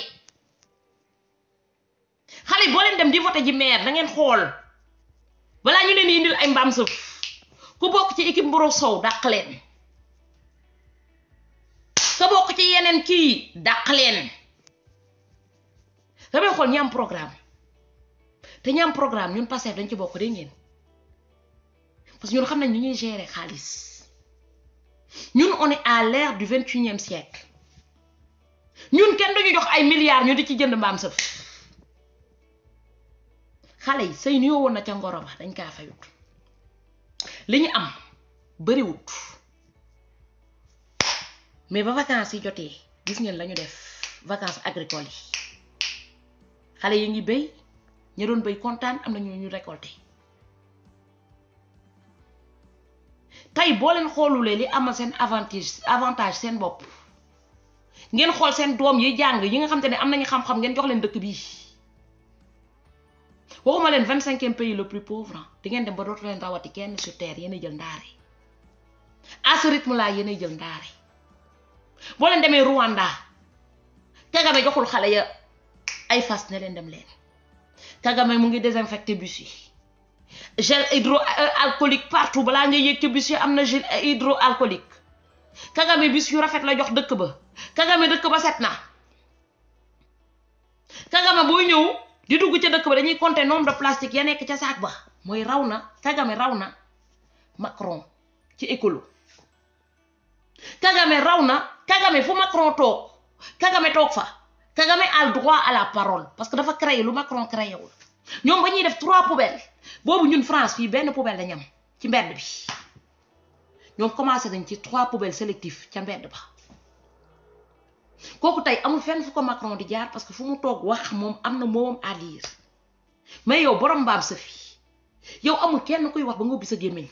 xale boo leen dem di voté ji maire da ngeen xool balaa ñu leen yi indil ay mbaam sëf ku bokk ci équipe mburu sow dàq leen ka bokk ci yeneen kii dàq leen damay xool ñam programme te ñi programme ñun Pastef dañ ci bokk dégg ngeen parce que ñun xam nañ ni ñuy gérer xaalis. ñun on est à l'ère du vingt unième siècle ñun kenn duñu jox ay milliards ñu di ci jënd mbaam sëf xale yi sëy nuyoo woon na ca ngoro ba dañ kaa fayut li ñu am bariwut mais ba vacances yi jotee gis ngeen la ñu def vacances agricole yi xale yi ngi béy ña doon béy kontaan am na ñu ñu récolté tey boo leen xoolulee li amal seen avantage avantage seen bopp ngeen xool seen doom yi jàng yi nga xam te ne am nañu xam-xam ngeen jox leen dëkk bii waxuma leen vingt cinquième pays le plus pauvre ah. di ngeen dem ba dootu leen rawati kenn su terre yéen a jël ndaare à ce rythme là yéen a jël boo leen demee Rwanda Kagame joxul xale ya ay fas ne leen dem leen Kagame mu ngi désinfecté bus yi. gel hydroalcoolique partout balaa nga yéeg ci bis yi am na gel hydroalcoolique Kagame bis yu rafet la jox dëkk ba Kagame dëkk ba set na Kagame booy ñëw di dugg ca dëkk ba dañuy compter nombre de plastique ya nekk ca saak ba mooy raw na Kagame raw na Macron ci écolo Kagame raw na Kagame fu Macron toog Kagame toog fa Kagame a droit à la parole parce que dafa créé lu Macron créé wul ñoom ba ñuy def trois poubelles boobu ñun France fii benn poubelle lañ am ci mbedd bi ñoom commencé nañ ci trois poubelles sélectives ca mbedd ba kooku tey amul fenn fu ko Macron di jaar parce que fu mu toog wax moom am na moom à dire mais yow borom mbaam sa fi yow amul kenn kuy wax ba nga ubbi sa gémmiñ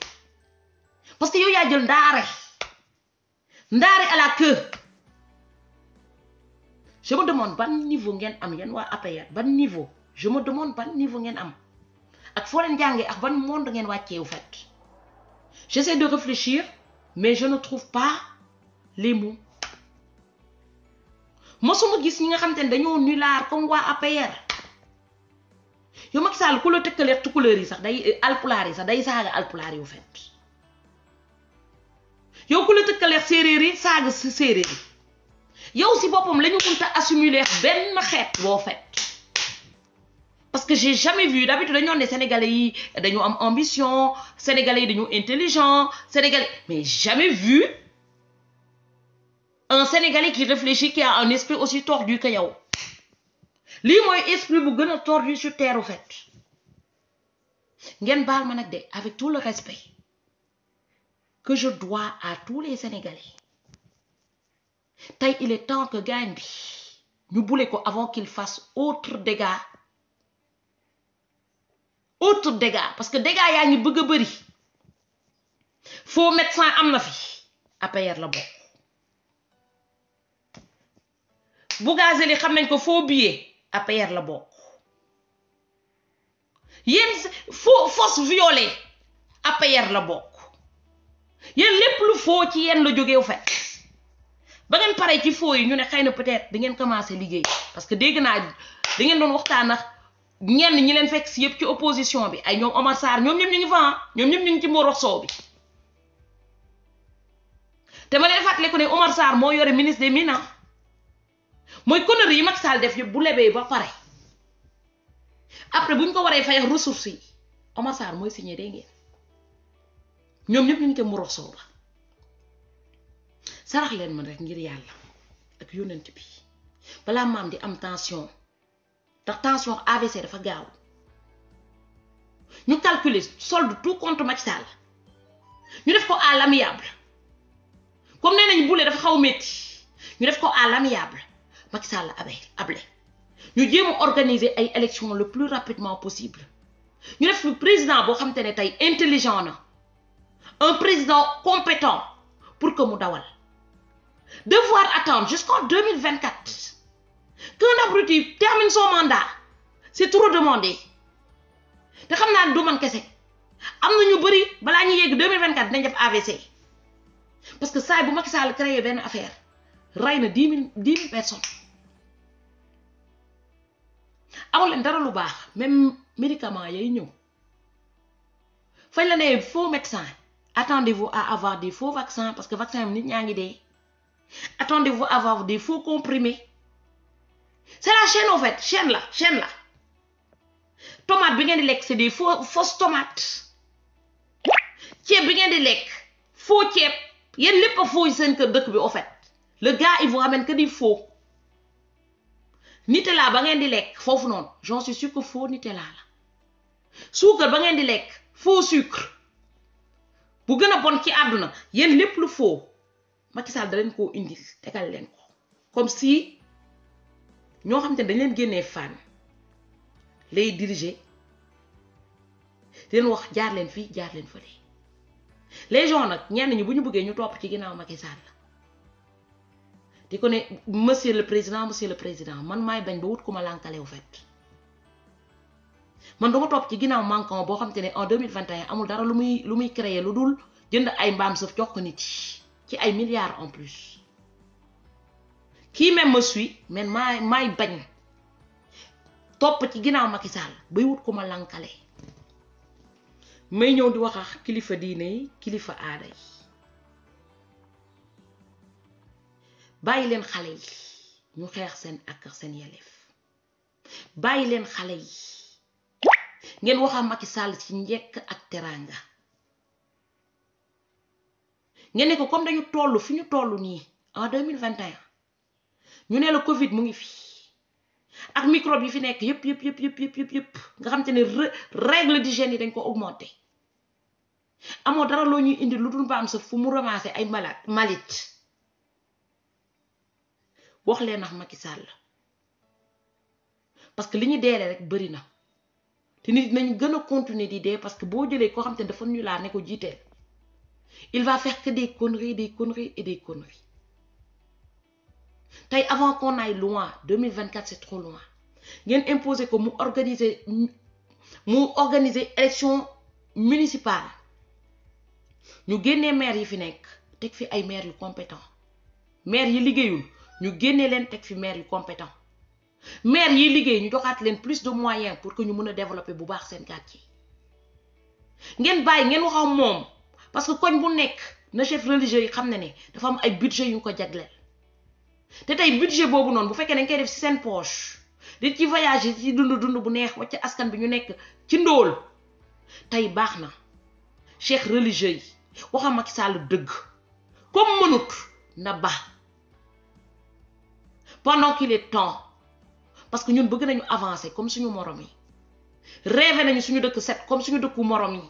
parce que yow yaa jël ndaare ndaare à la queue je me demande ban niveau ngeen am yeen waa APR ban niveau je me demande ban niveau ngeen am. ak foo leen jàngee ak ban monde ngeen wàccee au fait j'essaie de réfléchir mais je ne trouve pas les ma mosuma gis ñi nga xam te ni dañoo nulaar comme waa APR yow Macky Sall ku la tëkkaleeg tukkuleer yi sax day euh, alpulaar yi sax day saaga alpulaar yu fet yow ku la séeréer yi saaga séeréer yi yow si boppam la ñu mënta assimiler benn xeet boo fet que j'ai jamais vu d'habitude dañu ne sénégalais yi dañu am ambition sénégalais yi dañu intelligent sénégalais mais jamais vu un sénégalais qui réfléchit qui a un esprit aussi tordu que yow lii mooy esprit bu gën a tordu sur terre au fait ngeen bal ma nag de avec tout le respect que je dois à tous les sénégalais tey il est temps que gain bi ñu bule ko avant qu'il fasse autre dégât autre dégâts parce que dégâts yaa ngi bëgg a bëri faux médecin am na fi APR la bokk Bougazelli xam nañ ko foo billet APR la bokk yéen faux fausse violé APR la bokk yéen lépp lu foo ci yéen la jógeew fekk ba ngeen pare ci foo yi ñu ne xëy na peut-être di ngeen commencé liggéey parce que dégg naa di doon waxtaan ñenn ñi leen fekk si yëpp ci opposition bi ay ñoom Omar Sarr ñoom ñëpp ñu ngi fa ñoom ñëpp ñu ngi ci Morox ma leen fàttaliku ne Omar Sarr moo yore ministre des Mines mooy conneries yi def yëpp bu lebee ba pare après bu ko waree fay ressources yi Omar Sarr mooy signé dégg ñoom ñëpp ñu ngi ci Morox Sow ba sarax leen man ngir yàlla ak yonent bi balaa maam di am tension. ndax tension AVC dafa gaaw ñu calculer solde tout compte Macky ñu def ko à l'amiable comme nee nañ bulee dafa xaw metti ñu def ko à l'amiable Macky Sall abe able ñu jéem a organiser ay élections le plus rapidement possible ñu def fi président boo xamante ne tey intelligent na un président compétent pour que mu dawal devoir attendre jusqu'en 2024 qu'un abruti termine son mandat c'est trop demandé te xam naa du man kese am na ñu bëri balaa ñu ñuy yegg 2024 dinañ def AVC parce que saa bu Macky Sall créer benn affaire rey na dix mille dix mille personnes amul leen dara lu baax même médicament yay ñëw fañ la nee faux médecin attendez-vous à avoir des faux vaccins parce que vaccin bi nit ñaa ngi dee attendez-vous à avoir des faux comprimés c'est la chaîne en fait la chaîne la tomate bi ngeen di lekk c'est des faux fausses tomates ceeb bi ngeen di lekk foo ceeb yéen lépp a faux seen kër dëkk bi en fait le gars il vous ramène que ba ngeen di lekk foofu noonu j'en suis sûr que ba ngeen di lekk foo sucre bu gën a bon ci àdduna yéen lépp lu foo Macky Sall da leen koo indi tegal leen ko comme si. ñoo xam te ne dañ leen génnee fànn lay diriger di leen wax jaar leen fii jaar leen fële les gens nag ñenn ñi bu ñu bëggee ñu topp ci ginnaaw Macky Sall la di ko ne monsieur le président mosier le président man maay bañ ba wut ku ma lànkale wu fet man dama topp ci ginnaaw manquant boo xam te ne en 2021 amul dara lu muy lu muy créer lu dul jënd ay mbaam sëf jox ko nit yi ci ay milliards en plus kii même ma suis man maay maay bañ topp ci ginnaaw Macky Sall bay wut ko ma lankale may ñëw di wax kilifa diine yi kilifa aada yi bàyyi leen xale yi ñu xeex seen ak seen yelleef bàyyi leen xale yi ngeen wax ak ci njekk ak teraanga ngeen ne ko comme dañu toll fi ñu toll nii en 2021 ñu ne la Covid mu ngi fi ak microbe yi fi nekk yëpp yëpp yëpp yëpp yëpp yëpp yëpp nga xam te ne règle d'hygiène yi dañ ko augmenté amoo dara loo ñuy indi lu dul ba am sa fu mu ramassé ay malade malit wax leen ak Macky Sall la parce que li ñu deele rek bëri na te nit nañu gën a continuer di dee parce que boo jëlee koo xam te ne dafa ñu laa ne ko jiiteel il va faire que des conneries des conneries et tey avant qu'on aille loin 2024 c'est trop loin ngeen imposer ko mu organiser mu organiser élection municipale ñu génnee maire yi fi nekk teg fi ay maire yu compétent maire yi liggéeyul ñu génnee leen teg fi maire yu compétent maire yi liggéey ñu joxaat leen plus de moyens pour que ñu mën a développer bu baax seen quartier ngeen bàyyi ngeen wax moom parce que koñ bu nekk na chef religieux yi xam ne ne dafa am ay budget yu ñu ko jagleel te tey budget boobu noonu bu fekkee dañ koy def si seen poche di ci voyage ci dund dund bu neex wacc askan bi ñu nekk ci ndóol tey baax na cheikh religieux yi waxam ak Sall dëgg comme mënut na ba pendant qu'il est temps parce que ñun bëgg nañu avancer comme suñu moroom yi rêvé nañu suñu dëkk set comme suñu dëkku moroom yi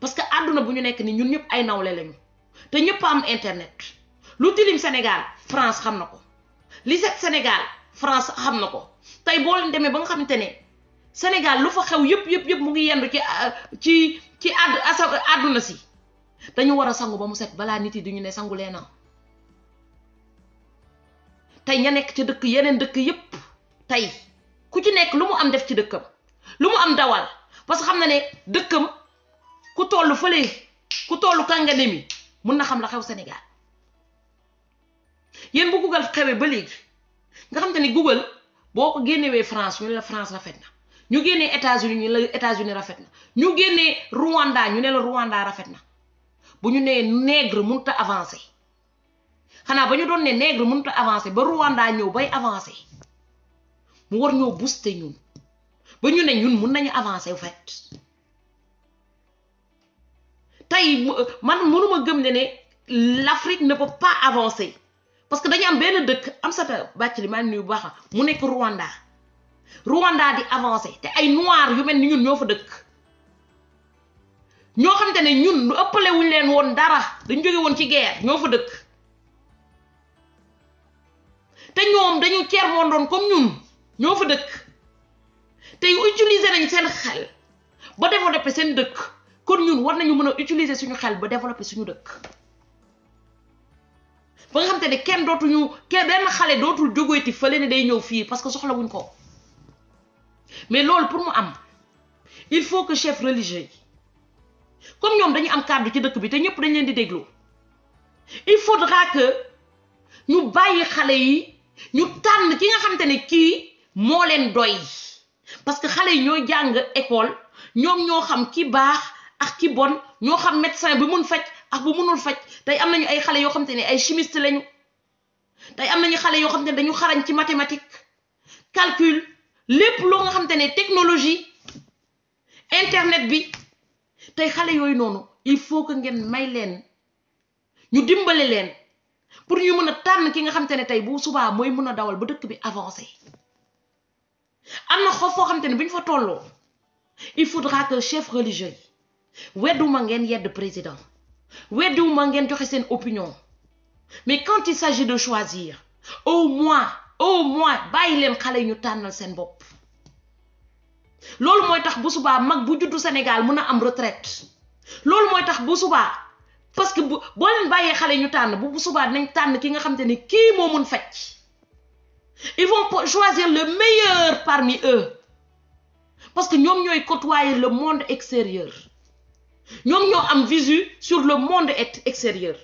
parce que àdduna bu ñu nekk ni ñun ñëpp ay nawle lañu te ñëpp am internet lu tilim Sénégal France xam na ko li set Sénégal France xam na ko tey boo leen demee ba nga xamante ne Sénégal lu fa xew yëpp yëpp yëpp mu ngi yendu ci euh, ci ci àdd asa àdduna si dañu war a sangu ba mu set balaa nit yi ñu ne sangu leen na tey ña nekk ci dëkk yeneen dëkk yëpp tey ku ci nekk lu mu am def ci dëkkam lu mu am dawal parce que xam na ne dëkkam ku tollu fële ku tollu kàngane mi mun na xam la xew Sénégal yéen bu Google xewee ba léegi nga xam te ni Google boo ko génnewee France ñu ne la France rafet na ñu génnee États-Unis ñu la États-Unis rafet na ñu génnee Rwanda ñu ne la Rwanda rafet na bu ñu nee nègre munut a avancé xanaa ba ñu doon ne nègre mënut a avancé ba Rwanda ñëw bay avancé mu war ñoo booster ñun ba ñu ne ñun mun nañu avancé fait tey man mënuma gëm ne ne l'Afrique ne peut pas avancer parce que dañu am benn dëkk Amsata bàcc maa ngi nuyu bu baax mu nekk Rwanda Rwanda di avancé te ay noir yu mel ni ñun ñoo fa dëkk ñoo xamante ne ñun lu ëppale leen woon dara dañ jóge woon ci guerre ñoo fa dëkk te ñoom dañu ceer moon doon comme ñun ñoo fa dëkk te utiliser nañ seen xel ba développer seen dëkk kon ñun war nañu mën a utiliser suñu xel ba développer suñu dëkk ba nga xam te ne kenn dootuñu kenn benn xale dootul jógoyti fële ne day ñëw fii parce que soxlawuñ ko mais loolu pour mu am il faut que chef religieux yi comme ñoom dañu am kàddu ci dëkk bi te ñëpp dañ leen di déglu il faut que ñu bàyyi xale yi ñu tànn ki nga xam ni kii moo leen doy parce que xale yi ñooy jàng école ñoom ñoo xam ki baax ak ki bon ñoo xam médecin bi mun faj ak bu munul faj tey am nañu ay xale yoo xam te ne ay chimiste lañu tey am nañu xale yoo xam te ne dañu xarañ ci mathématique calcul lépp loo nga xam te ne technologie internet bi tey xale yooyu noonu il faut que ngeen may leen ñu dimbale leen pour ñu mën a tànn ki nga xam te ne tey bu subaa mooy mën a dawal ba dëkk bi avancé am na xof foo xamte te ne bu ñu fa tolloo il faudra que chef religieux yi wedduma ngeen yedd président weddiwuma ngeen joxe seen opinion mais quand il s'agit de choisir au moins au moins bàyyi leen xale yu ñu tànnal seen bopp loolu mooy tax bu subaa mag bu juddu Sénégal mun a am retraite loolu mooy tax bu subaa parce que bu boo leen bàyyee xale ñu tànn bu bu subaa nañ tànn ki nga xam te ni kii moo mun faj ils vont choisir le meilleur parmi eux parce que ñoom ñooy côtoyer le monde extérieur ñoom ñoo am visu sur le monde extérieur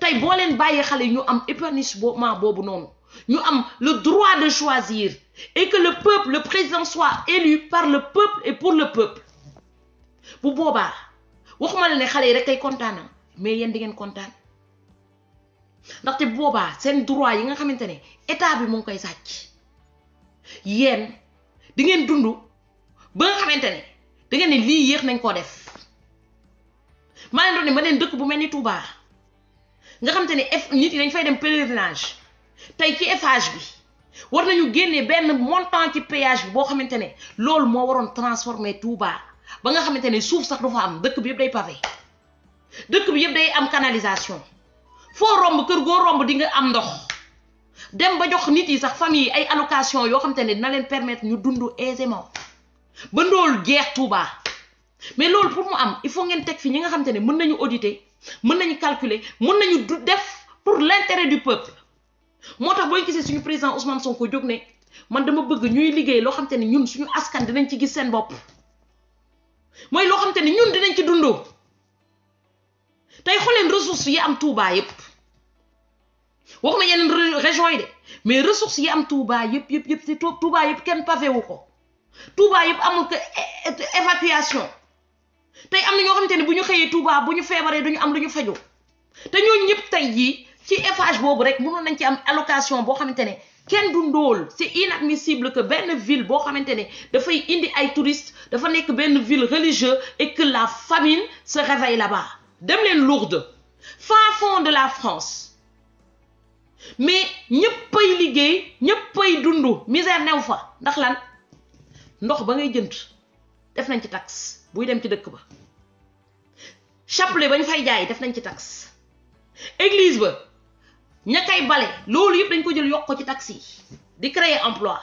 tey boo leen bàyyi xale ñu am épanouissement boobu noonu ñu am le droit de choisir et que le peuple le président soit élu par le peuple et pour le peuple bu boobaa waxuma ne xale yi rek tey kontaanam mais yéen di ngeen kontaan ndaxte boobaa seen droit yi nga xamante ne état bi mu koy sàcc yéen di ngeen dund ba nga xamante ne da ngeen ne lii yéex nañ koo def maa ne ma leen dëkk bu mel ni Touba nga xam te ne F nit yi dañ fay dem pèlerinage tey ci effage bi war nañu génne benn montant ci péage bi boo xamante ne loolu moo waroon transformer Touba ba nga xamante ne suuf sax du fa am dëkk bi yëpp day pavé dëkk bi yëpp day am canalisation foo romb kër goo romb di nga am ndox dem ba jox nit yi sax famille ay allocation yoo xamante ne dina leen permettre ñu dund aisément ba ndool jeex Touba. mais loolu pour mu am il faut ngeen teg fi ñi nga xamante ne mën nañu auditer mën nañu calculer mën nañu du def pour l'intérêt du peuple moo tax booy gisee suñu président Ousmane Sonko jóg ne man dama bëgg ñuy liggéey loo xam xamante ne ñun suñu askan dinañ ci gis seen bopp mooy loo xamante ne ñun dinañ ci dundoo tey xooleen ressources yi am Touba yépp waxuma yeneen région yi de mais ressources yi am Touba yépp yépp yépp Touba yépp kenn pavé wu ko Touba yépp amul que évacuation tey am na ñoo xamante ne bu ñu xëyee Touba bu ñu feebaree duñu am lu ñu faju te ñooñu ñëpp tey jii ci Eiffage boobu rek mënoon nañ ci am allocation boo xamante ne kenn du ci c'est inadmissible que benn ville boo xamante ne dafay indi ay touristes dafa nekk benn ville religieuse et que la famine se réveille là-bas dem leen Lourdes fin fond de la France mais ñëppay liggéey ñëppay dund misère new fa ndax lan ndox ba ngay jënd def nañ ci taxe buy dem ci dëkk ba chapelet bañ fay jaay def nañ ci taxe église ba ña kay bale loolu yëpp dañ ko jël yokk ko ci taxe yi di créer emploi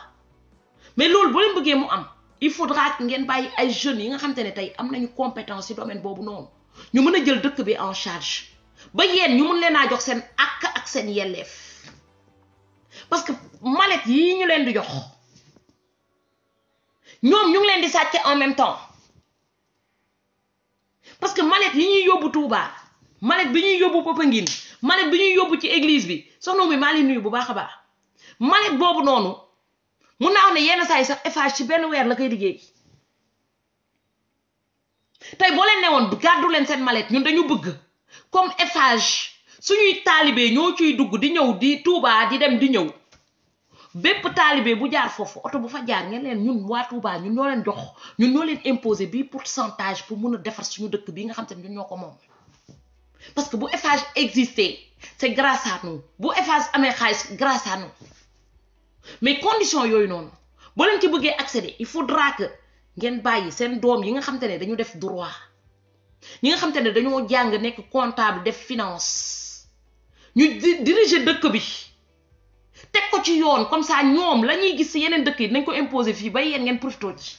mais loolu boo leen bëggee mu am il faut que ngeen bàyyi ay jeunes yi nga xamante ne tey am nañu compétence ci domaine boobu noonu ñu mën a jël dëkk bi en charge ba yeen ñu mën leen a jox seen àq ak seen yelleef parce que mallette yii ñu leen di jox ñoom ñu ngi leen di sàcce en même temps parce que mallette yi ñuy yóbbu Touba mallette bi ñuy yóbbu Popenguine mallette bi ñuy yóbbu ci église bi soxna mi maa leen bu baax a baax mallette boobu noonu mun naa wax ne yenn saa yi sax Eiffage ci benn weer la koy liggéey tey boo leen newoon gàddu leen seen mallette ñu dañu bëgg comme Eiffage suñuy taalibee ñoo ciy dugg di ñëw di tuubaa di dem di ñëw. bépp taalibe bu jaar foofu oto bu fa jaar ngeen leen ñun waa Touba ñun ñoo leen jox ñun ñoo leen bi pour pourcentage pour mun a defar suñu dëkk bi nga xam te ne ñun ñoo ko moom parce que bu Eiffage existé c'est grâce à bu Eiffage amee xaalis grâce à nous mais condition yooyu noonu boo leen ci bëggee accéder il faut que ngeen bàyyi seen doom yi nga xam ne dañu def droit ñi nga xam ne dañoo jàng nekk comptable def finance ñu diriger dëkk bi. teg ko ci yoon comme ça ñoom la ñuy gis si yeneen dëkk yi nañ ko imposer fii bay yéen ngeen profité ci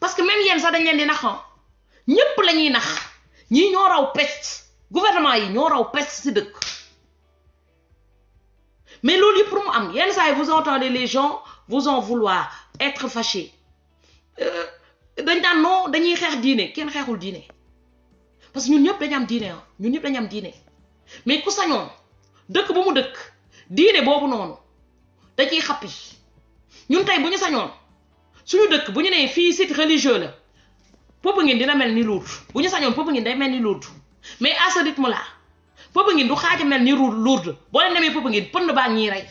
parce que même yéen sax dañ leen di nax ñëpp lañuy nax ñi ñoo raw peste gouvernement yi ñoo raw peste si dëkk mais loolu yëpp pour mu am yenn saa yi vous entendez les gens vous en vouloir être fâché euh, dañ daan non dañuy xeex diine kenn xeexul diine parce que ñun ñëpp dañu am diine ah ñun ñëpp dañu am diine mais ku sañoon dëkk ba mu dëkk. diine boobu noonu da ciy xappi ñun tey bu ñu sañoon suñu dëkk bu ñu nee fii site religieux la Popenguine dina mel ni Lourdes bu ñu sañoon ngi day mel ni Lourdes mais à ce rythme là Popenguine du xaaja mel ni Lourdes boo leen demee Popenguine pënd baa ñiy rey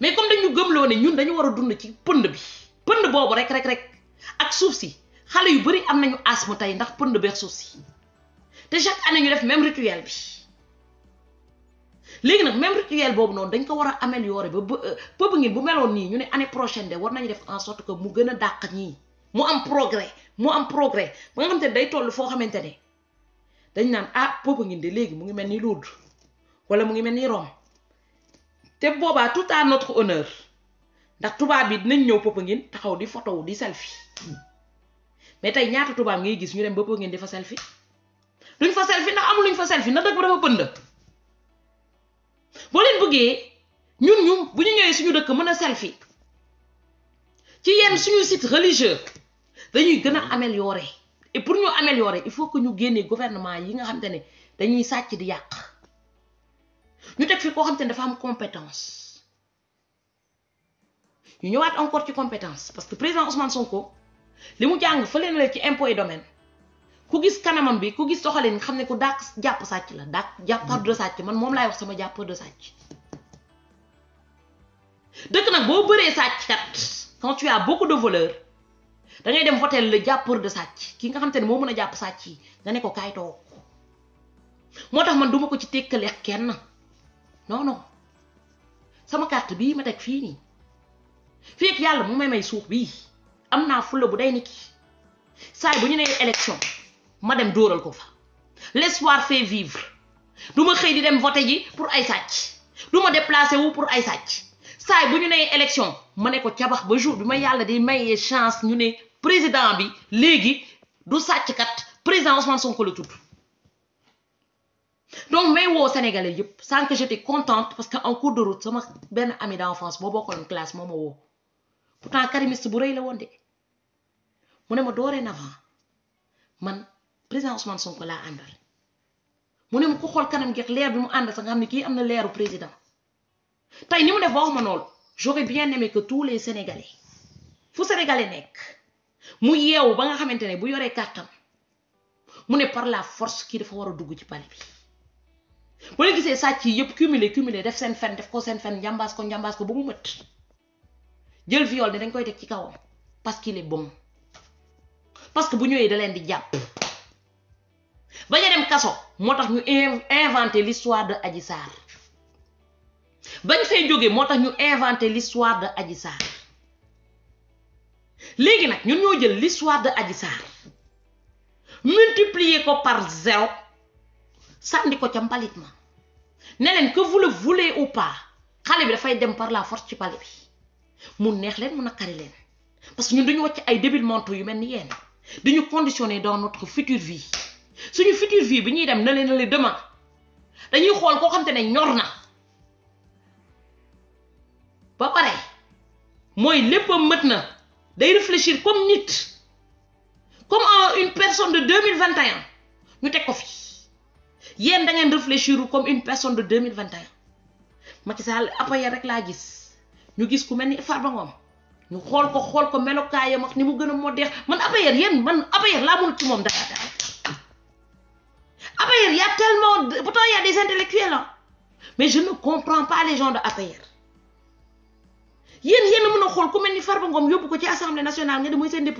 mais comme dañu gëmloo ne ñun dañu war a dund ci pënd bi pënd boobu rek rek rek ak suuf si xale yu bari am nañu asthme tey ndax pënd beeg suuf si te chaque année ñu def même rituel bi. léegi nag même rituel boobu noonu dañ ko war a améliorer ba ba pëb ngeen bu meloon nii ñu ne année prochaine de war nañu def en sorte que mu gën a dàq nii mu am progrès mu am progrès ba nga xamante ne day toll foo xamante ne dañ naan ah pëb ngeen de léegi mu ngi mel ni Lourdes wala mu ngi mel ni Rome te boobaa tout à notre honneur ndax tubaab bi dinañ ñëw pëb ngeen taxaw di photo di selfie mais tey ñaata tubaab ngay gis ñu dem ba pëb ngeen di fa selfie duñ fa selfie ndax amul luñ fa selfie ndax dëkk ba dafa boo leen bëggee ñun ñu bu ñu ñëwee suñu dëkk mën a selfie ci yenn suñu site religieux dañuy gën a mm-hmm. améliorer et pour ñu améliorer il faut que ñu génnee gouvernement yi nga xam te ne dañuy sàcc di yàq ñu teg fi koo xam te ne dafa am compétence ñu ñëwaat encore ci compétence parce que président Ousmane Sonko li mu jàng fële na la ci impôt et domaine ku gis kanamam bi ku gis doxalin xam ne ku dàq jàpp sàcc la dàq jàppar mm-hmm. de sàcc man moom laay wax sama jàppar de sàcc dëkk nag boo bëree sàcckat quand tu as beaucoup de voleurs da ngay dem votel le jàppar de sàcc ki nga xam te ne moo mën a jàpp sàcc yi nga ne ko kaay toog moo tax man duma ko ci tekkale ak kenn non non sama carte bii ma teg fii nii fii ak yàlla mu may may suuf bii am naa fulla bu day niki saay bu ñu nee élection ma dem dóoral ko fa l'espoir fait vivre du ma xëy di dem voté ji pour ay sàcc du ma déplacé wu pour ay sàcc saay bu ñu nee élection ma ne ko cabax ba jour bi ma yàlla di mayee chance ñu ne président bi léegi du sàcckat président Ousmane Sonko la tudd donc may woo sénégalais yëpp sans que j'étais contente parce que en cours de route sama benn ami d'enfance boo bokkaloon classe moo ma woo pourtant karimiste bu rëy la woon de mu ne ma dooreen avant président Ousmane ko laa àndal mu ne ma ku xool kanam geex leer bi mu àndal sax nga xam ne kii am na leeru président tey ni mu def waxuma noonu j'aurais bien aimé que tous les sénégalais fu sénégalais nekk mu yeewu ba nga xamante ne bu yoree kàttam mu ne par la force kii dafa war a dugg ci palais bi bu la gisee sàcc yi yëpp cumulé cumulé def seen fen def ko seen fen njambaas ko njambaas ko ba mu mët jël viol ne dañ koy teg ci kawam parce qu'il est bon parce que bu ñëwe da leen di jàpp. bañ a dem kaso moo tax ñu inventé l'histoire de Adji bañ fay jógee moo tax ñu inventé l'histoire de Adji Sarr léegi nag ñun ñoo jël l'histoire de Adji Sarr multiplier ko par zéro sànni ko ca mbalit ma ne leen que vous le voulez xale bi dafay dem par la force ci pale bi mu neex leen mu naqari leen parce que ñun duñu wàcc ay débiles mentaux yu mel ni yéen dañu conditionné dans notre future vie suñu future fii bi ñuy dem na leen le demain dañuy xool koo xam te ne ñor na ba pare mooy lépp a mët na day réfléchir comme nit comme une personne de deux mille vingt et un ñu teg ko fi yéen da ngeen réfléchir comme une personne de deux mille vingt et un Macky Sall rek laa gis ñu gis ku mel ni Farba Ngom ñu xool ko xool ko melokaayam ak ni mu gën a moo deex man apaya yéen man apaya laa mun ci moom dara APR, il y a tellement... De... Pourtant, il a des intellectuels. Mais je ne comprends pas les gens de APR. yéen yéen a mën a ko ci assemblée nationale nga di muy seen a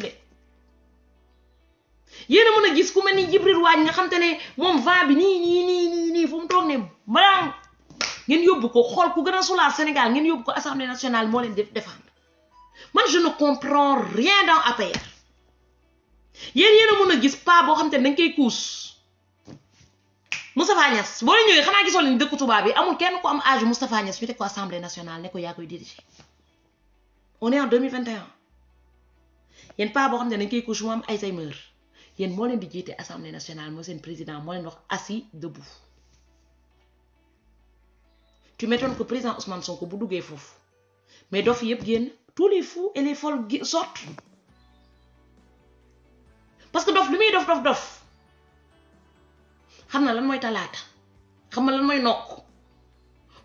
gis ku mel ni Djibril Waaj nga xam te ne moom va bi nii nii fu mu toog ne maanaam ngeen yóbbu ko xool ku gën a Sénégal ngeen yóbbu ko assemblée nationale moo leen di défendre man je ne comprends rien dans APR yéen yéen a mën a gis pas boo xam te ne dañ koy kuus. Moustapha Niass boo leen ñëwee xanaa gisoo leen dëkku tubaab yi amul kenn ko am âge Moustapha Niass ñu teg ko assemblée nationale ne ko yaa koy diriger on est en 2021 boo xam ne dañ koy couche mu am yéen moo leen di jiite assemblée nationale moo seen président moo leen wax assis debout tu président Ousmane Sonko bu duggee foofu mais dof yëpp génn tous les fous et les folles sortent que dof lu muy dof dof dof. xam na lan mooy talaata xam na lan mooy nokk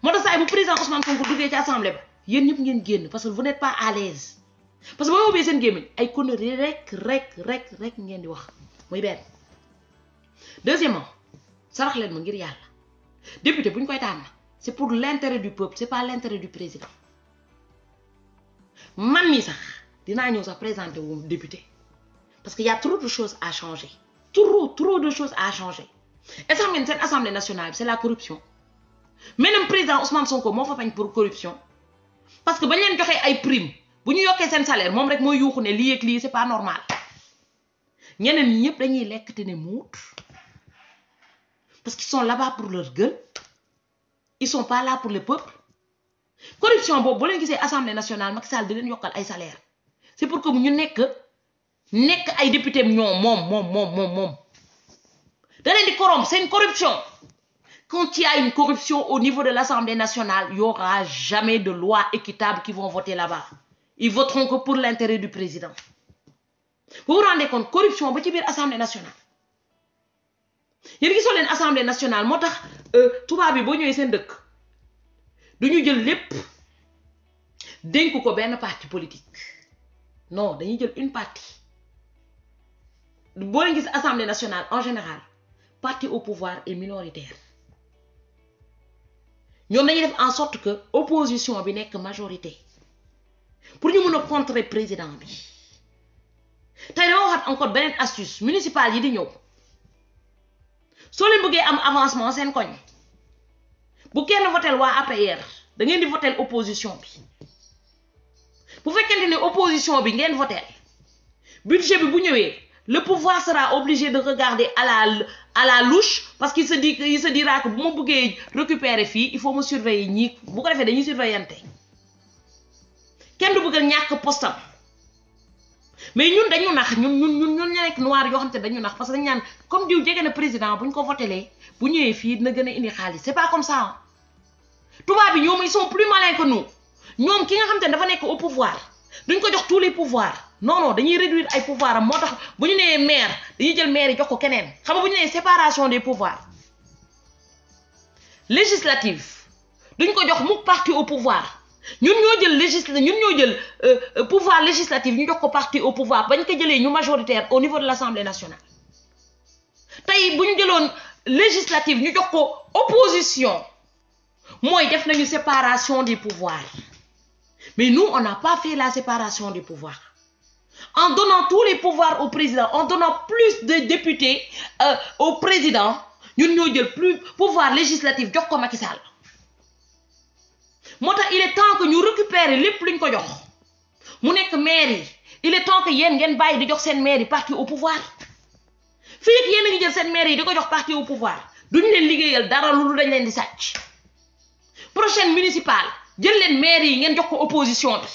moo tax saa bu président Ousmane Sonko duggee ci assemblée ba yéen ñëpp ngeen génn parce que vous n'êtes pas à l'aise parce que boo ubbee seen gémmiñ ay conneries rek rek rek rek ngeen di wax muy benn. deuxièmement sarax leen ma ngir yàlla député bu ñu koy tànn c'est pour l'intérêt du peuple c'est pas l'intérêt du président man mii sax dinaa ñëw sax présenter wu député parce que y a trop de choses à changer trop d de à changer. et sax ngeen seen assemblée nationale bi c'est la corruption même président Ousmane Sonko moo fa fañ pour corruption parce que bañ ñeen joxee ay prime bu ñu yokkee seen salaire moom rek mooy yuuxu ne lii ak lii c'est pas normal ñeneen ñi ñëpp dañuy lekk te ne muut parce qu'ils sont là-bas pour leur gueule ils sont pas là pour le peuple corruption boobu boo leen gisee assemblée nationale Macky Sall di leen yokkal ay salaire c'est pour que ñu nekk nekk ay député ñoom moom moom moom moom. da leen di corrompre c'est une corruption quand il une corruption au niveau de l'Assemblée nationale il y aura jamais de loi équitable qui vont voter là-bas ils voteront que pour l'intérêt du président vous vous rendez compte corruption ba ci biir Assemblée nationale yéen gisoo leen Assemblée nationale moo tax euh, tubaab bi boo ñëwee seen dëkk du ñu jël lépp dénk ko benn parti politique non dañuy jël une partie boo leen gis Assemblée nationale en général parti au pouvoir est minoritaire ñoom dañuy def en sort que opposition bi nekk majorité pour ñu mën a contrer président bi tey dama waxaat encore beneen astuce municipal yi di ñëw soo leen bëggee am avancement seen koñ bu kenn votel waa APR da ngeen di votel opposition bi bu fekkente ne opposition bi ngeen votel budget bi bu ñëwee. le pouvoir sera obligé de regarder à la à la louche parce qu'il se dit il se dira que bu ma bëggee récupérer fii il faut ma yi ñii bu ko defee dañuy surveillante kenn du bëgg a ñàkk postam mais ñun dañu nax ñun ñun ñun ñun ñu nekk noir yoo xam te dañu nax parce que dañu naan comme diw jege na président bu ñu ko votelee bu ñëwee fii dina gën a indi xaalis c'est pas comme ça tubaab bi ñoom ils sont plus malins que nous ñoom ki nga xam te dafa nekk au pouvoir duñ ko jox tous les pouvoirs non non dañuy réduire ay pouvoir am moo tax bu ñu nee maire dañuy jël maire jox ko keneen xam nga ñu nee séparation des pouvoirs législative dañ ko jox mu parti au pouvoir ñun ñoo jël législa ñun ñoo jël euh, pouvoir législatif ñu jox ko parti au pouvoir bañ ko jëlee ñu majoritaire au niveau de l'Assemblée nationale tey bu ñu jëloon législative ñu jox ko opposition mooy def nañu séparation des pouvoirs mais nous on n'a pas fait la séparation des pouvoirs en donnant tous les pouvoirs au président en donnant plus de députés euh, au président ñun ñoo jël plus pouvoir législatif jox ko Macky Sall moo tax il est temps que ñu récupérer lépp luñ ko jox mu nekk maire yi il est temps que yéen ngeen bàyyi di jox seen maire yi parti au pouvoir fii ak ngeen a ngi jël seen maire yi di ko jox parti au pouvoir duñu leen liggéeyal dara lu dañ leen di sàcc prochaine municipale jël leen maire yi ngeen jox ko opposition bi.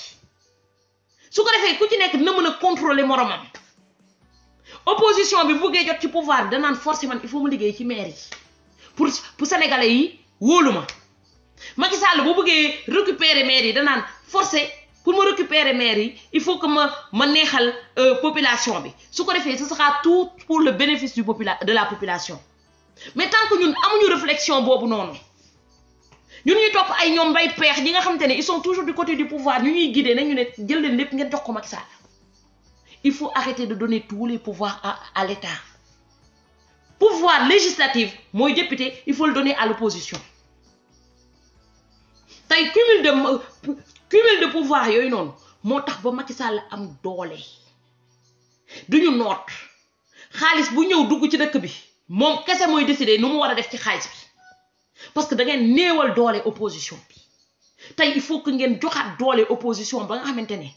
su ko defee ku ci nekk dina mën a contrôler moromam opposition bi buggee jot ci pouvoir bi danaan forcé man il faut mu liggéey ci maire pour pour sénégalais yi wóolu ma Macky Sall bu bëggee récupérer maire yi danaan forcé pour ma récupérer maire yi il faut que ma ma neexal euh, population bi su ko defee sa saxaat tout pour le bénéfice du popula de la population mais tant que ñun amuñu réflexion boobu noonu ñun ñuy topp ay ñoom bay peex ñi nga xamante ne ils sont toujours du côté du pouvoir ñu ñuy guider nañu ne jël leen lépp ngeen jox ko Macky Sall il faut arrêter de donner tous les pouvoirs à à l'État pouvoir législatif mooy député il faut le donner à l'opposition tey cumul de cumul de pouvoir yooyu noonu moo tax ba Macky Sall am doole duñu noot xaalis bu ñëw dugg ci dëkk bi moom kese mooy décider nu mu war a def ci xaalis bi parce que dangeen néewal doole opposition bi tey il faut que ngeen joxaat doole opposition ba nga xamante ne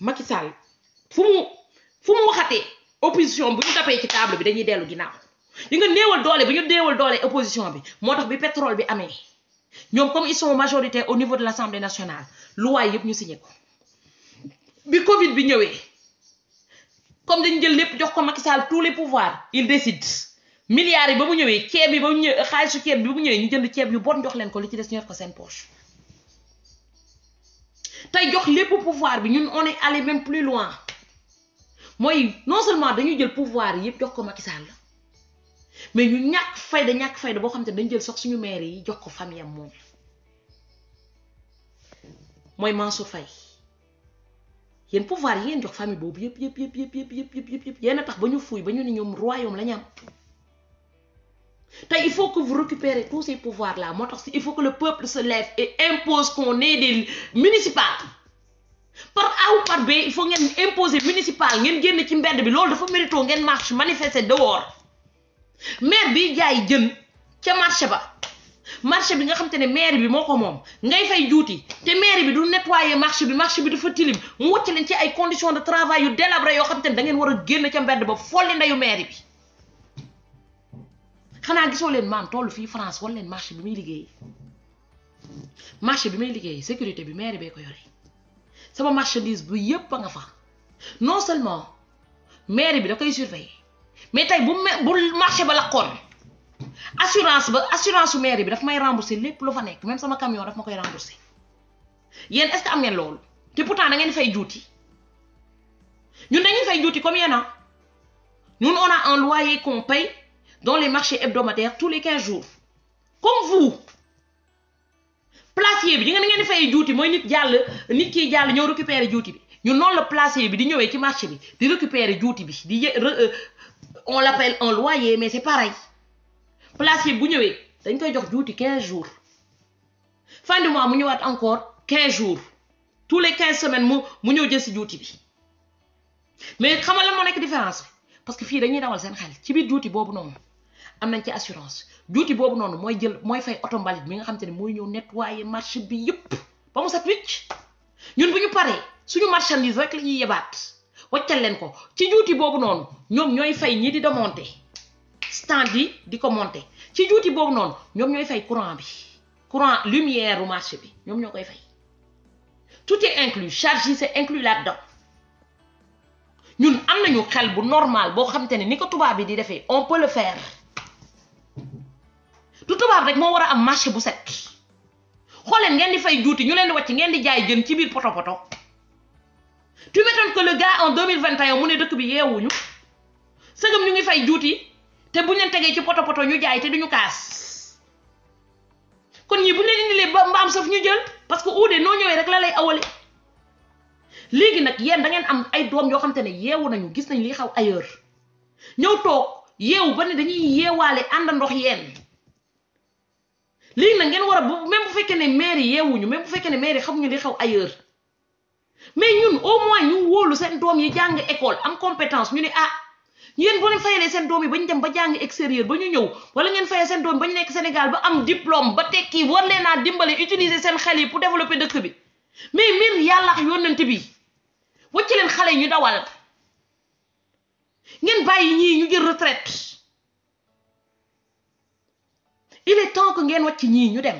Macky Sall fu mu fu mu waxatee opposition bu ñu tapee ci table bi dañuy dellu ginnaaw li nga néewal doole bi ñu néewal doole opposition bi moo tax bi pétrole bi amee ñoom comme ils sont majorité au niveau de l'Assemblée nationale loi yëpp ñu signé ko bi Covid bi ñëwee comme dañu jël lépp jox ko Macky Sall tous les pouvoirs il décide. milliards yi ba mu ñëwee ceeb yi ba mu ñëwee xaalisu ceeb bi ba ñu jënd ceeb yu bon jox leen ko li ci des ñu def ko seen poche tey jox lépp pouvoir bi ñun on est allé même plus loin mooy non seulement dañuy jël pouvoir yi yëpp jox ko Macky Sall mais ñu ñàkk fayda ñàkk fayda boo xam te dañ jël sax suñu maire yi jox ko famille am moom mooy Mansour Faye yéen pouvoir yi ngeen jox famille boobu yëpp yëpp yëpp yëpp yëpp yëpp yëpp yëpp yéen a tax ba ñu fuuy ba ñu ne ñoom royaume la ñu tey il faut que vous récupérez tous ces pouvoirs là moo tax si il faut que le peuple se lève et impose qu'on ait des municipales par A ou par B il faut ngeen imposer municipal ngeen génn ci mbedd bi loolu dafa mérito ngeen marche manifester dehors maire bi jaay jën ca marché ba marché bi nga xam te ne maire bi moo ko moom ngay fay juuti te maire bi du nettoyer marché bi marché bi dafa tilim mu wacc leen ci ay condition de travail yu délabré yoo xam te ne ngeen war génn ca mbedd ba folli ndeyu maire bi xanaa gisoo leen maam toll fii France wal leen marché bi muy liggéey bi muy liggéey sécurité bi maire bee ko yore sama marchandise bu yépp a nga fa non seulement maire bi da koy surveiller mais tey bu bu marché ba lakkoon assurance ba assurance su maire bi daf may rembourser lépp lu fa nekk même sama camion daf ma koy rembourser yéen est que am ngeen loolu te pourtant da ngeen fay juuti ñun dañuy fay juuti comme yéen ñun on a un loyer qu'on dans les marchés hebdomadaires tous les quinze jours comme vous placier bi ñu ngeen ngeen fay juuti mooy nit jàll nit kiy jàll ñoo récupérer juuti bi ñu noonu la placier bi di ñëwee ci marché bi di récupérer juuti bi di euh, on l'appelle un loyer mais c'est pareil placier bu ñëwee dañ koy jox juuti quinze jours fin de mois mu ñëwaat encore quinze jours tous les quinze semaines mu mu ñëw jël si juuti bi mais xamal la moo nekk différence bi parce que fii dañuy dawal seen xel ci biir juuti boobu noonu am nañ ci assurance juuti boobu noonu mooy jël mooy fay oto mbalit mi nga xam te ne mooy ñëw nettoyer marché bi yëpp ba mu set wicc ñun bu ñu paree suñu marchandise rek la ñuy yebaat waccal leen ko ci juuti boobu noonu ñoom ñooy fay ñi di démonté stand yi di ko monté ci juuti boobu noonu ñoom ñooy fay courant bi courant lumière u marché bi ñoom ñoo koy fay tout est inclus charge yi c'est inclus là ñun am nañu xel bu normal boo xam te ne ni ko tubaab bi di defee on peut le faire du tubaab rek moo war a am marché bu set xooleen ngeen di fay juuti ñu leen di wàcc ngeen di jaay jën ci biir poto poto tu m'étonnes que le gars en 2021 mu ne dëkk bi yeewuñu sëgëm ñu ngi fay juuti te bu ñu leen tegee ci potopoto poto ñu jaay te duñu kaas kon ñii bu ñu leen indilee ba mbaam saf ñu jël parce que uude noo ñëwee rek la lay awale léegi nag yéen da ngeen am ay doom yoo xam te ne yeewu nañu gis nañ li xaw ailleurs ñëw toog yeewu ba ne dañuy yeewaale àndandox yéen lii nag ngeen war a bu même bu fekkee ne maire yi yeewuñu même bu fekkee ne maire yi xamuñu li xew ailleurs mais ñun au moins ñu wóolu seen doom yi jàng école am compétence ñu ne ah yéen boo leen fayalee seen doom yi ba ñu dem ba jàng extérieur ba ñu ñëw wala ngeen fayal seen doom yi ba ñu nekk Sénégal ba am diplôme ba tekki war leen a dimbale utiliser seen xel yi pour développer dëkk bi mais mbir yàlla ak yónnante bi wacc leen xale yi ñu dawal ngeen bàyyi ñii ñu jël retraite il est temps que ngeen wàcc ñii ñu dem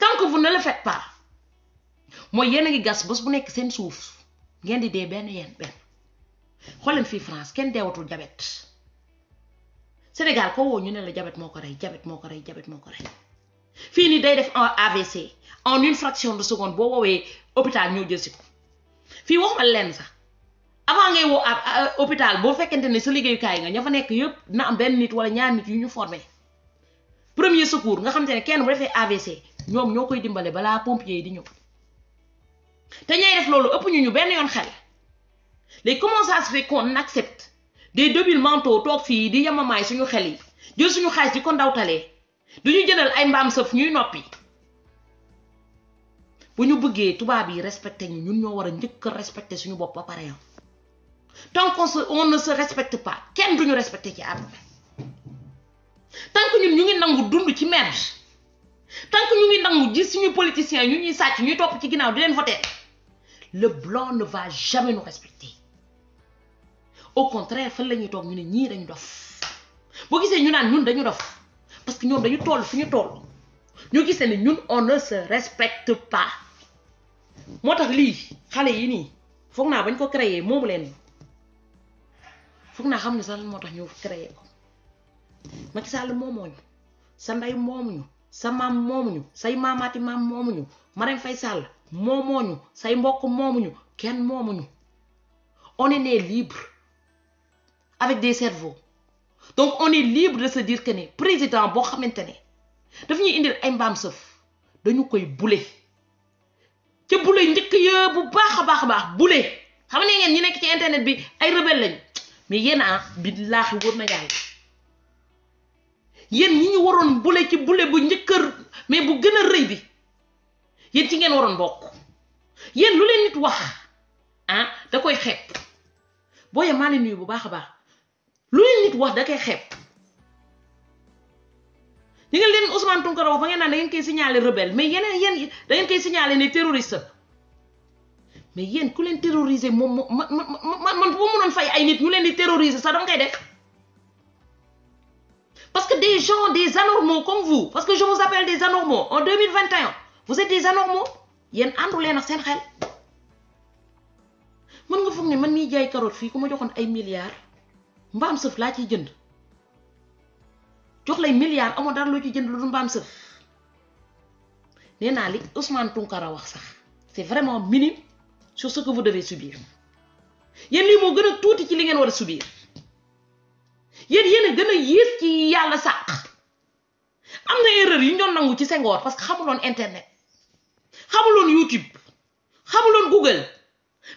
tant que vous ne le faites mooy yéen a ngi gas bés bu nekk seen suuf ngeen di dee benn yéen benn xooleen fii France kenn deewatul jabet Sénégal ko woo ñu ne la jabet moo ko rey jabet moo ko rey jabet moo ko rey fii nii day def en AVC en une fraction de seconde boo woowee hôpital ñoo jël si ko fii waxuma leen sax avant ngay woo hôpital boo fekkente ne sa liggéeyukaay nga ña fa nekk yëpp na am benn nit wala ñaar nit yu ñu formé. premier secours nga xam te ne kenn bu defee AVC ñoom ñoo koy dimbale balaa pompier yi di ñëw te ñay def loolu ëpp ñu ñu benn yoon xel léegi comment ça se nag qu'on accepte des débiles mentaux toog fii di yamamaay suñu xel yi jël suñu xaalis di ko ndawtalee du ñu jëndal ay mbaam sëf ñuy noppi bu ñu bëggee tubaab yi respecté ñu ñun ñoo war a njëkk a suñu bopp ba pare tant qu'on on ne se respecte pas kenn duñu respecté ci àdduna tant que ñun ñu ngi nangu dund ci mer tant que ñu ngi nangu gis suñu politiciens ñu ñuy sàcc ñuy topp ci ginnaaw di leen voter le blanc ne va jamais nous respecter au contraire fan la ñuy toog ñu ne ñii dañu dof boo gisee ñu naan ñun dañu dof parce que ñoom dañu toll fi ñu toll ñu gisee ne ñun on ne se respecte pas moo tax lii xale yi nii foog naa bañ ko créer moom leen foog naa xam ne sax moo tax ñu créer Macky Sall moomuñu sa ndey moomuñu sa maam moomuñu say maamaati maam moomuñu Marème fay sàll moomooñu say mbokk moomuñu kenn moomuñu on est né libre avec des cerveaux donc on est libre de se dire que ne président boo xamante ne daf ñu indil ay mbaam sëf dañu koy bule ca bule njëkk ya bu baax a baax a baax bule xam ne ngeen ñi nekk ci internet bi ay rebelle lañ mais yéen a billaahi wóor na yàlla yéen ñi ñu waroon bule ci bule bu njëkkër mais bu gën a rëy bi yéen ci ngeen waroon bokk yéen lu leen nit wax ah da koy xeeb booyee maa leen nuyu bu baax a baax lu leen nit wax da koy xeeb ñi nga leen Ousmane Tounkara wax ba ngeen naan da ngeen koy signaler rebelle mais yeneen yéen da ngeen koy signaler ne terroriste mais yéen ku leen terroriser moom man man man bu ma mënoon ay nit ñu leen di terroriser sa dama koy def Parce que des gens, des anormaux comme vous, parce que je vous appelle des anormaux, en 2021, vous êtes des anormaux yéen àndu leen ak seen xel mën nga foog ni mën nii jaay carotte fii ku ma joxoon ay milliards mbaam sëf laa ci jënd jox lay milliards amoo dara loo ci jënd lu dul mbaam sëf nee naa li Ousmane Tounkara wax sax c'est vraiment minime sur ce que vous devez subir yéen lii moo gën a tuuti ci li ngeen war a subir. yéen yéen a gën a yées ci yàlla sàq am nga erreur yi ñu nangu ci Senghor parce que xamuloon internet xamuloon YouTube xamuloon Google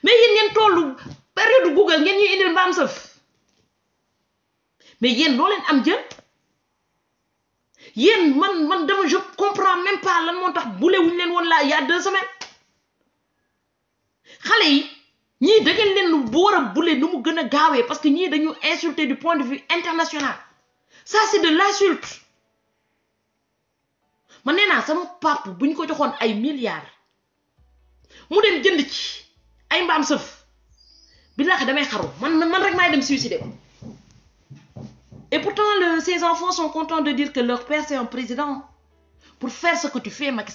mais yéen ngeen tollu période Google ngeen ñuy indil mbaam sëf mais yéen loo am jën yéen man man dama je comprends même pas lan moo tax bule wuñ leen woon laa il y a xale yi. ñii da leen bu war a bule nu mu gën a gaawee parce que ñii dañu insulté du point de vue international ça c'est de l'insulte man nee naa sama part bu ñu ko joxoon ay milliards mu dem jënd ci ay mbaam sëf billaahi damay xaru man man rek maay dem suicider ko et pourtant le ses enfants sont contents de dire que leur père président pour faire sa que tu fais Macky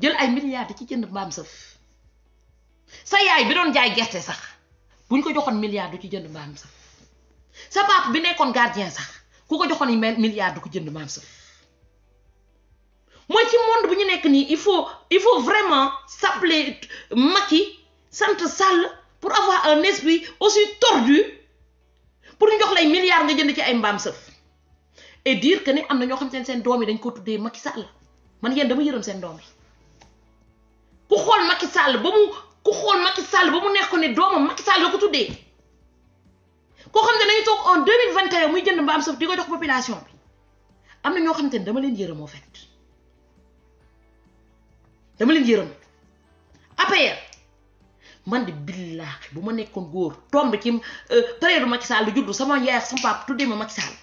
jël ay milliards di ci jënd mbaam sëf sa yaay bi doon jaay gerte sax buñ ko joxoon milliard du ci jënd mbaam sax sa papa bi nekkoon gardien sax ku ko joxoon milliard du ko jënd mbaam sax mooy ci monde bu ñu nekk nii il faut il faut vraiment s'appeler Macky sant sàll pour avoir un esprit aussi tordu pour ñu jox lay milliards nga jënd ci ay mbaam sëf et dire que ne am na ñoo xam seen doom yi dañ koo tuddee Macky Sall man yéen dama yërëm seen doom yi ku xool Macky Sall ba mu ku xool Macky Sall ba mu neex ko ne doomam Macky Sall la ko tuddee koo xam ne dañuy toog en 2021 muy jënd mbaam suuf di ko jox population bi am na ñoo xam te ne dama leen yërëm moo fekk dama leen yërëm APR man di billaahi bu ma nekkoon góor tomb ci euh, période Macky Sall juddu sama yaay sama pap tuddee ma Macky Sall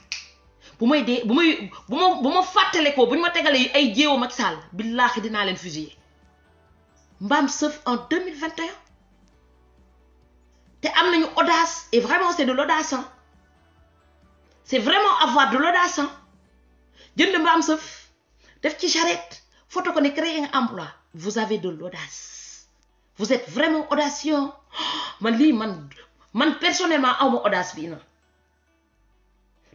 bu may dee bu may bu ma bu ma fàttalee ko bu ñu ma tegalee ay jéewa Macky Sall billaahi dinaa leen fusiller mbaam sëf en 2021 te am nañu audace et vraiment c'est de l'audace vraiment avoir de l'audace jënd mbaam sëf def ci charrette foto ko ne créer un emploi vous avez de l'audace vous êtes vraiment audacieux man lii man man personnellement aw ma audace bii na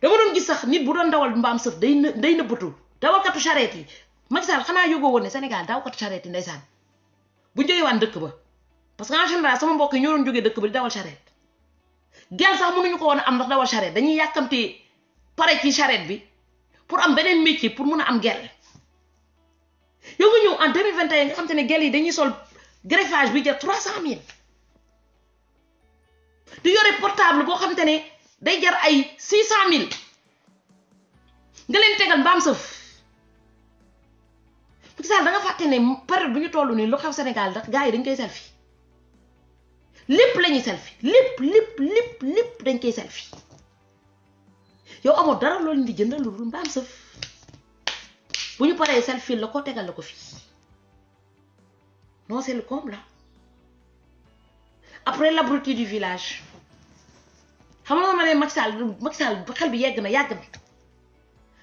dama doon gis sax nit bu doon dawal mbaam sëf day day nëbbatu dawalkatu charrette yi Macky Sall xanaa yógoo woon ne Sénégal dawalkatu charrette yi ndeysaan bu ñu dëkk ba parce que en général sama mbokk yi ñoo doon jógee dëkk ba di dawal charrette gel sax mënuñu ko woon am ndax dawal charrette dañuy yàkkamti pare ci charrette bi pour am beneen métier pour mun a am gel yow nga ñëw en 2021 nga xam te ne gel yi dañuy sol greffage bi jar 300000 di yore portable boo xam te ne day jar ay 600000 nga leen tegal mbaam sëf Macky Sall da nga fàtte ne période bu ñu toll nii lu xew Sénégal ndax gars yi dañ koy selfie lépp lañuy ñuy selfie lépp lépp lépp lépp dañ koy selfie yow amoo dara loolu di jëndal lu dul mbaam sëf bu ñu paree selfie la ko tegal la ko fii non c'est le la après l'abruti du village xam nga ma ne Macky Sall Macky xel bi yegg na yàgg na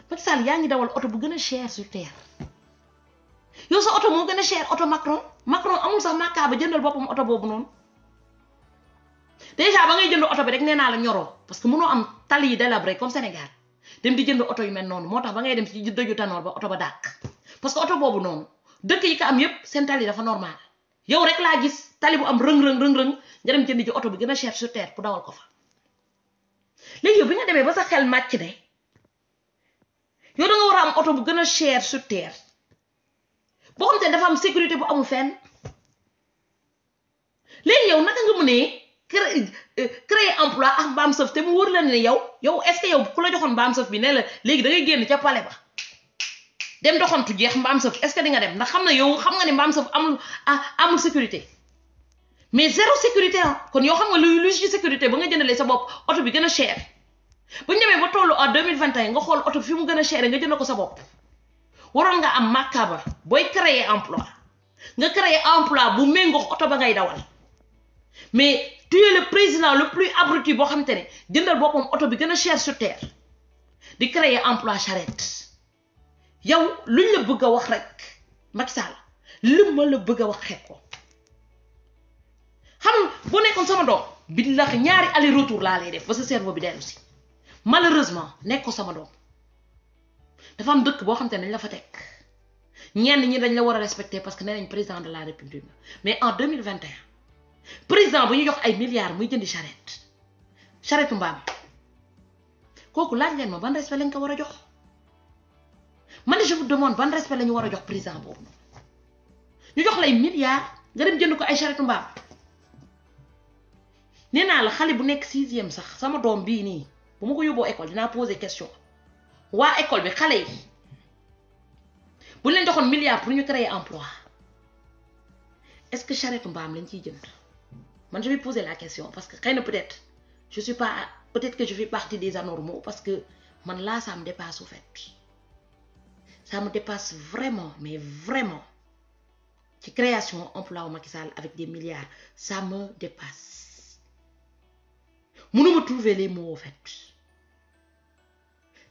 Macky yaa ngi dawal oto bu gën a cher sur terre. yow sa oto moo gën a cher oto Macron Macron amul sax makkaa ba jëndal boppam oto boobu noonu déjà ba ngay jënd oto bi rek nee naa la ñoroo parce que mënoo am tali yi délabré comme Sénégal dem di jënd oto yu mel noonu moo tax ba ngay dem ci dëju tanoor ba oto ba dàq parce que oto boobu noonu dëkk yi ko am yëpp seen tali dafa normal yow rek laa gis tali bu am rëng-rëng rëng-rëng nga dem jënd ji oto bi gën a cher sur terre pour dawal ko fa léegi yow bi nga demee ba sa xel màcc ne yow da war a am oto bu gën a cher sur terre boo xam dafa am sécurité bu amul fenn léegi yow naka nga mu ne euh, créer emploi ak mbaam sëf te mu wër la ne yow yow est-ce ku la joxoon mbaam bi ne la léegi da ngay génn ca pale ba doxantu jeex mbaam sëf est-ce que nga dem ndax xam na yow xam ne mbaam sëf amul ah, amul sécurité mais zéro sécurité ah kon yow xam nga luy lu ci sécurité ba nga jëndalee sa bopp oto bi gën a cher bu ñu demee ba tollu à deux mille vingt et un nga xool oto fi mu gën a cher nga jënd ko sa bopp. waroon nga am màkkaaba booy créer emploi nga créer emploi bu méngoo oto ba ngay dawal mais tu es le président le plus abruti boo xam te ne jëndal boppam oto bi gën a cher sur terre di créer emploi charrette yow luñ la bëgg a wax rek Macky Sall lim ma la bëgg a wax xeet ko xam boo nekkoon sama doom billahi ñaari aller retour laa lay def ba sa cerveau bi dellu si malheureusement nekkoo sama doom dafa am dëkk boo xam te ne dañ la fa teg ñenn ñi dañ la war a respecter parce que nee nañ président de la république mais en deux mille vingt et président bu ñu jox ay milliards muy jëndi charrette charrette mbaam kooku laaj leen ma ban respect lañ ko war a jox man de vous ban respect la war a jox président boobu ñu jox lay milliards nga dem jënd ko ay charrette mbaam nee naa la xale bu nekk sixième sax sama doom bii nii bu ma ko yóbboo école dinaa poser question. waa école bi xale yi bu leen joxoon milliard pour ñu créer emploi est-ce que charrette mbaam lañ ciy jënd man je vais poser la question parce que xëy na peut-être je suis pas peut-être que je fais partie des anormaux parce que man laa ça me dépasse au fait ça me dépasse vraiment mais vraiment ci création emploi wu Macky Sall avec des milliards ça me dépasse mënuma trouver les mots au fait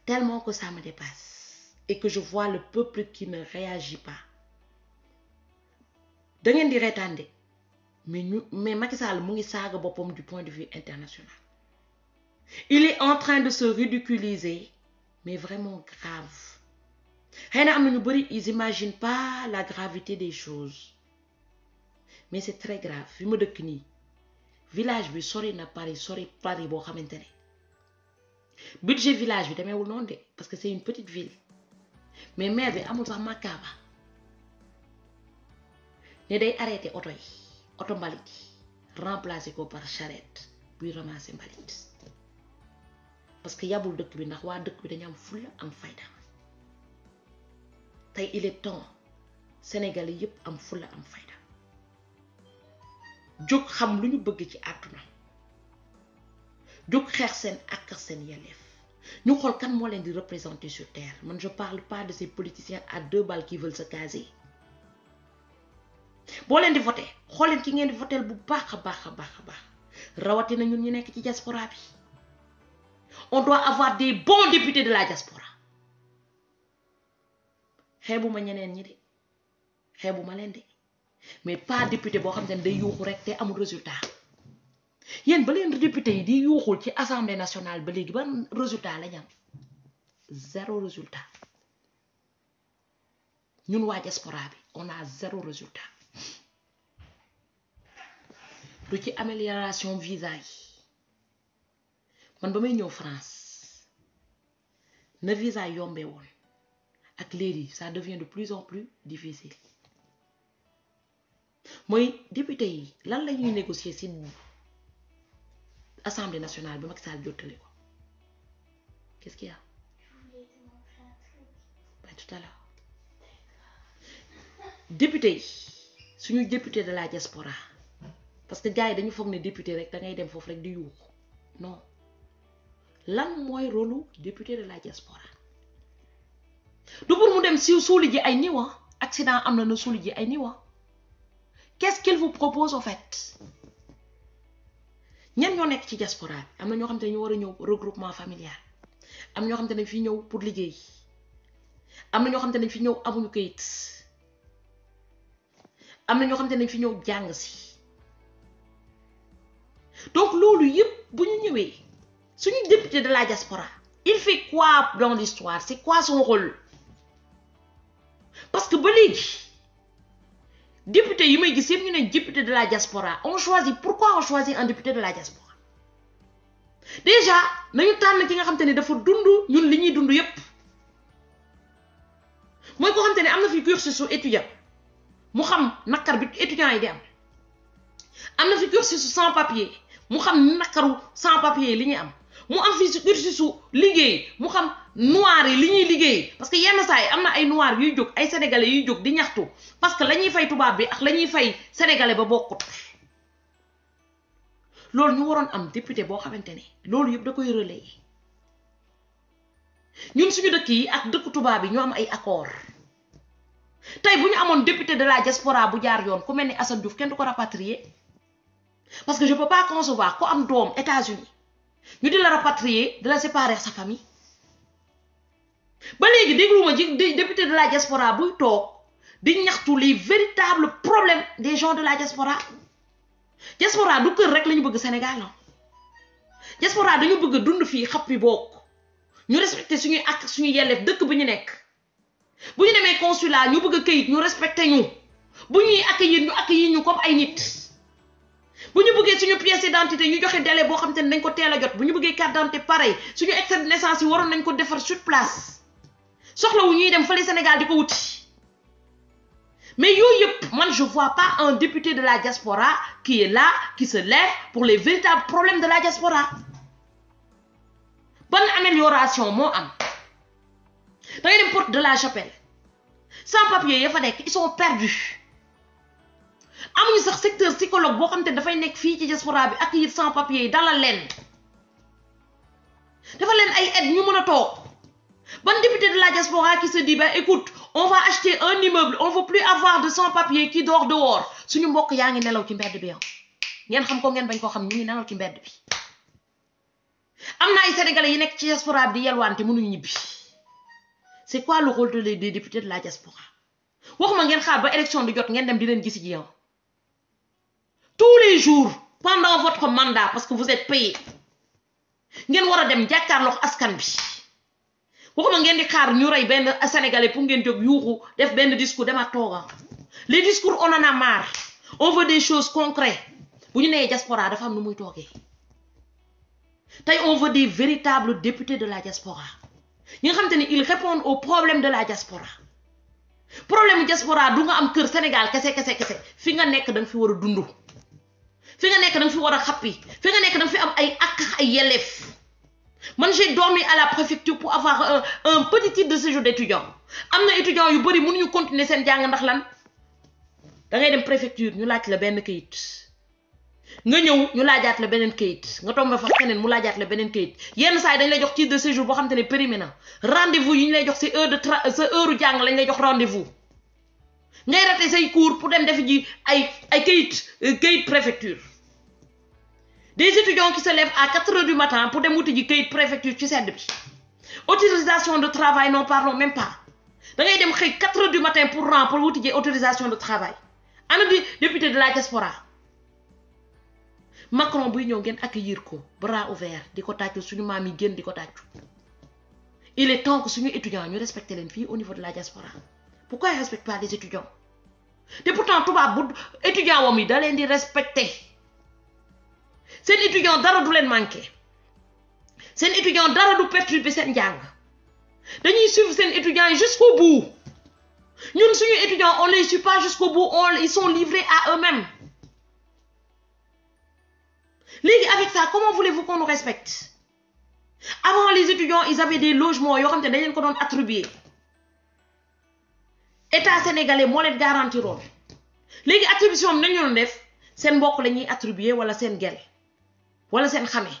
tellement que ça me dépasse et que je vois le peuple qui ne réagit pas da ngeen di reetaan mais ñu mais Macky mu ngi saaga boppam du point de vue international il est en train de se ridiculiser mais vraiment grave xëy na am na ñu bëri ils imaginent pas la gravité des choses mais c'est très grave fi ma dëkk nii village bi sori na Paris sori Paris boo xamante ne budget village bi demeewul noonu de parce que c'est une petite ville mais maire bi amul sax makaaba ne day arrêté oto yi oto mbalit yi remplacé ko par charrette buy ramasser mbalit parce que yabul dëkk bi ndax waa dëkk bi dañu am fulla am fayda tey il est yépp am fulla am fayda jóg xam lu ñu bëgg ci àdduna jóg xeex seen ak seen yelleef ñu xool kan moo leen di représenté sur terre man je parle pas de ces politiciens à deux balles qui veulent se caser boo leen di voté xool leen ki ngeen di votel bu baax a baax a baax a baax rawatina ñun ñu nekk ci diaspora bi on doit avoir des bons députés de la diaspora ma ñeneen ñi de ma leen de mais pas député boo xam ne day yuuxu rek te amul résultat. yéen ba leen député yi di yuuxul ci assemblée nationale ba léegi ban résultat la ñu zéro résultat ñun waa diaspora bi on a zéro résultat du ci amélioration visa yi man ba may ñëw France na visa yombe woon ak léegi ça devient de plus en plus difficile mooy député yi lan la ñuy négocier si. assemblée nationale bi Macky Sall jottali ko qu'est-ce a ba tout à l'heure député yi suñu député de la diaspora parce que gars yi dañu foog ne député rek da dem foofu rek di yuux non lan mooy rôlu député de la diaspora du pour mu dem si suuli ji ay niwa accident am na na suuli ji ay niwa qu'est-ce qu'il vous propose en fait ñan ñoo nekk ci diaspora bi am na ñoo xam te ne ñu war a ñëw regroupement familial am ñoo xam te ne fi ñëw pour liggéey am na ñoo xam te ne fi ñëw amuñu kayit am na ñoo xam te ne fi ñëw jàng si donc loolu yëpp bu ñu ñëwee suñu député de la diaspora il fait quoi dans l'histoire c'est quoi son rôle parce que ba léegi. député yi may gis yëpp ñu ne député de la diaspora on choisit pourquoi on choisit un député de la diaspora déjà nañu tànn ki nga xam te ne dafa dund ñun li ñuy dund yëpp mooy koo xam te ne am na fi cursus su étudiant mu xam naqar bi étudiant yi di am am na fi cursus su sans papier mu xam naqaru sans papier li ñuy am mu am fi cursus su liggéey mu xam. noir yi li ñuy liggéey parce que yenn saa yi am na ay noir yuy jóg ay sénégalais yuy jóg di ñaxtu parce que lañuy ñuy fay tubaab bi ak la ñuy fay sénégalais ba bokkut loolu ñu waroon am député boo xamante ne loolu yëpp da koy relayer ñun suñu dëkk yi ak dëkku tubaab yi ñu am ay accord tey bu ñu amoon député de la diaspora bu jaar yoon ku mel ni Assane Diouf kenn du ko rapatrier parce que je peux pas concevoir ku am doom États-Unis ñu di la rapatrier di la séparer sa famille ba léegi dégluwuma ji député de la diaspora buy toog di ñaxtu les véritables problèmes des gens de la diaspora diaspora du kër rek la ñu bëgg Sénégal non diaspora dañu bëgg dund fii xappi bokk ñu respecté suñuy ak suñuy yelleef dëkk bu ñu nekk bu ñu demee consulat ñu bëgg kayit ñu respecté ñu bu ñuy accueillir ñu accueillir ñu comme ay nit bu ñu bëggee suñu pièce d'identité ñu joxe délai boo xam te ne dañ ko teel jot bu ñu bëggee carte d'identité pareil suñu extrait de waroon nañ ko defar sur place soxlawu ñuy dem fële Sénégal di ko wuti mais yooyu yëpp man je vois pas un député de la diaspora kii est kii se lève pour les véritables problèmes de la diaspora ban amélioration moo am da ngay dem porte de la chapelle sans papier ya fa nekk ils sont am amuñu sax secteur psychologue boo xam te dafay nekk fii ci diaspora bi ak yit sans papier yi dalal leen dafa leen ay aide ñu mën a toog Bonne députée de la diaspora qui se dit, ben écoute, on va acheter un on ne plus avoir de sans-papiers qui dort dehors. suñu mbokk yaa ngi nelaw ci mbedd bi yow ah. ngeen xam ko ngeen bañ koo xam ñu ngi nelaw ci mbedd bi am naa ay sénégalais yi nekk ci diaspora bi di yelwaante mënuñu ñibbi c'est quoi le rôle des députés de la diaspora waxuma ngeen xaar ba élection di jot ngeen dem di leen gis ji yow ah. tous les jours pendant votre mandat parce que vous êtes payé ngeen war a dem jàkkaarloog askan bi waxuma ngeen di xaar ñu rey benn sénégalais pour ngeen jóg yuuxu def benn discours dama tooga ah. les discours on en a marre on veut des choses concrètes bu ñu nee diaspora dafa am nu muy toogee tey on veut des véritables de la diaspora ñi nga xamante ni ils répondent aux problèmes de la diaspora problème diaspora du am kër Sénégal kese kese kese fi nga nekk da nga fi war a dund fi nga nekk da nga fi war a xappi fi nga nekk da fi am ay ak ay yelleef man j'ai dormi à la préfecture pour avoir un euh, un petit titre de séjour d'étudiant am na étudiant yu bëri ñu continuer seen jàng ndax lan dangay ngay dem préfecture ñu laaj la benn kayit nga ñëw ñu laajaat la beneen kayit nga tombé fa keneen mu laajaat la beneen kayit yenn saa yi dañ lay jox titre de séjour boo xam te ne périmé na rendez-vous yi ñu lay jox si heure de tra sa heure jàng lañ lay jox rendez-vous ngay raté say cours pour dem def ji ay ay kayit euh, kayit préfecture. des étudiants qui se à quatre heures du matin pour dem wuti ji këyit préfecture ci sedd bi autorisation de travail n'en parlons même pas da dem xëy quatre heures du matin pour rang pour wuti ji autorisation de travail ana di député de la diaspora Macron buy ñëw ak accueillir ko bras ouvert di ko tàccu suñu maam yi génn di ko tàccu il est temps suñu étudiants ñu respecté leen fii au niveau de la diaspora pourquoi ils respectent pas les te pourtant tubaab bu étudiant wam yi da leen di respecté seen étudiant dara du leen manqué seen étudiant dara du perturbé seen njàng dañuy suivre seen étudiants yi jusqu'au bout ñun suñu étudiant on les suit pas jusqu'au bout on ils sont livrés à eux-mêmes léegi avec ça comment voulez-vous qu'on nous respecte avant les étudiants ils avaient des logements yoo xam ne dañ leen ko doon attribuer état sénégalais moo leen garantiroon léegi attribution am nañu doon def seen mbokk la ñuy attribuer wala seen gel wala seen xamee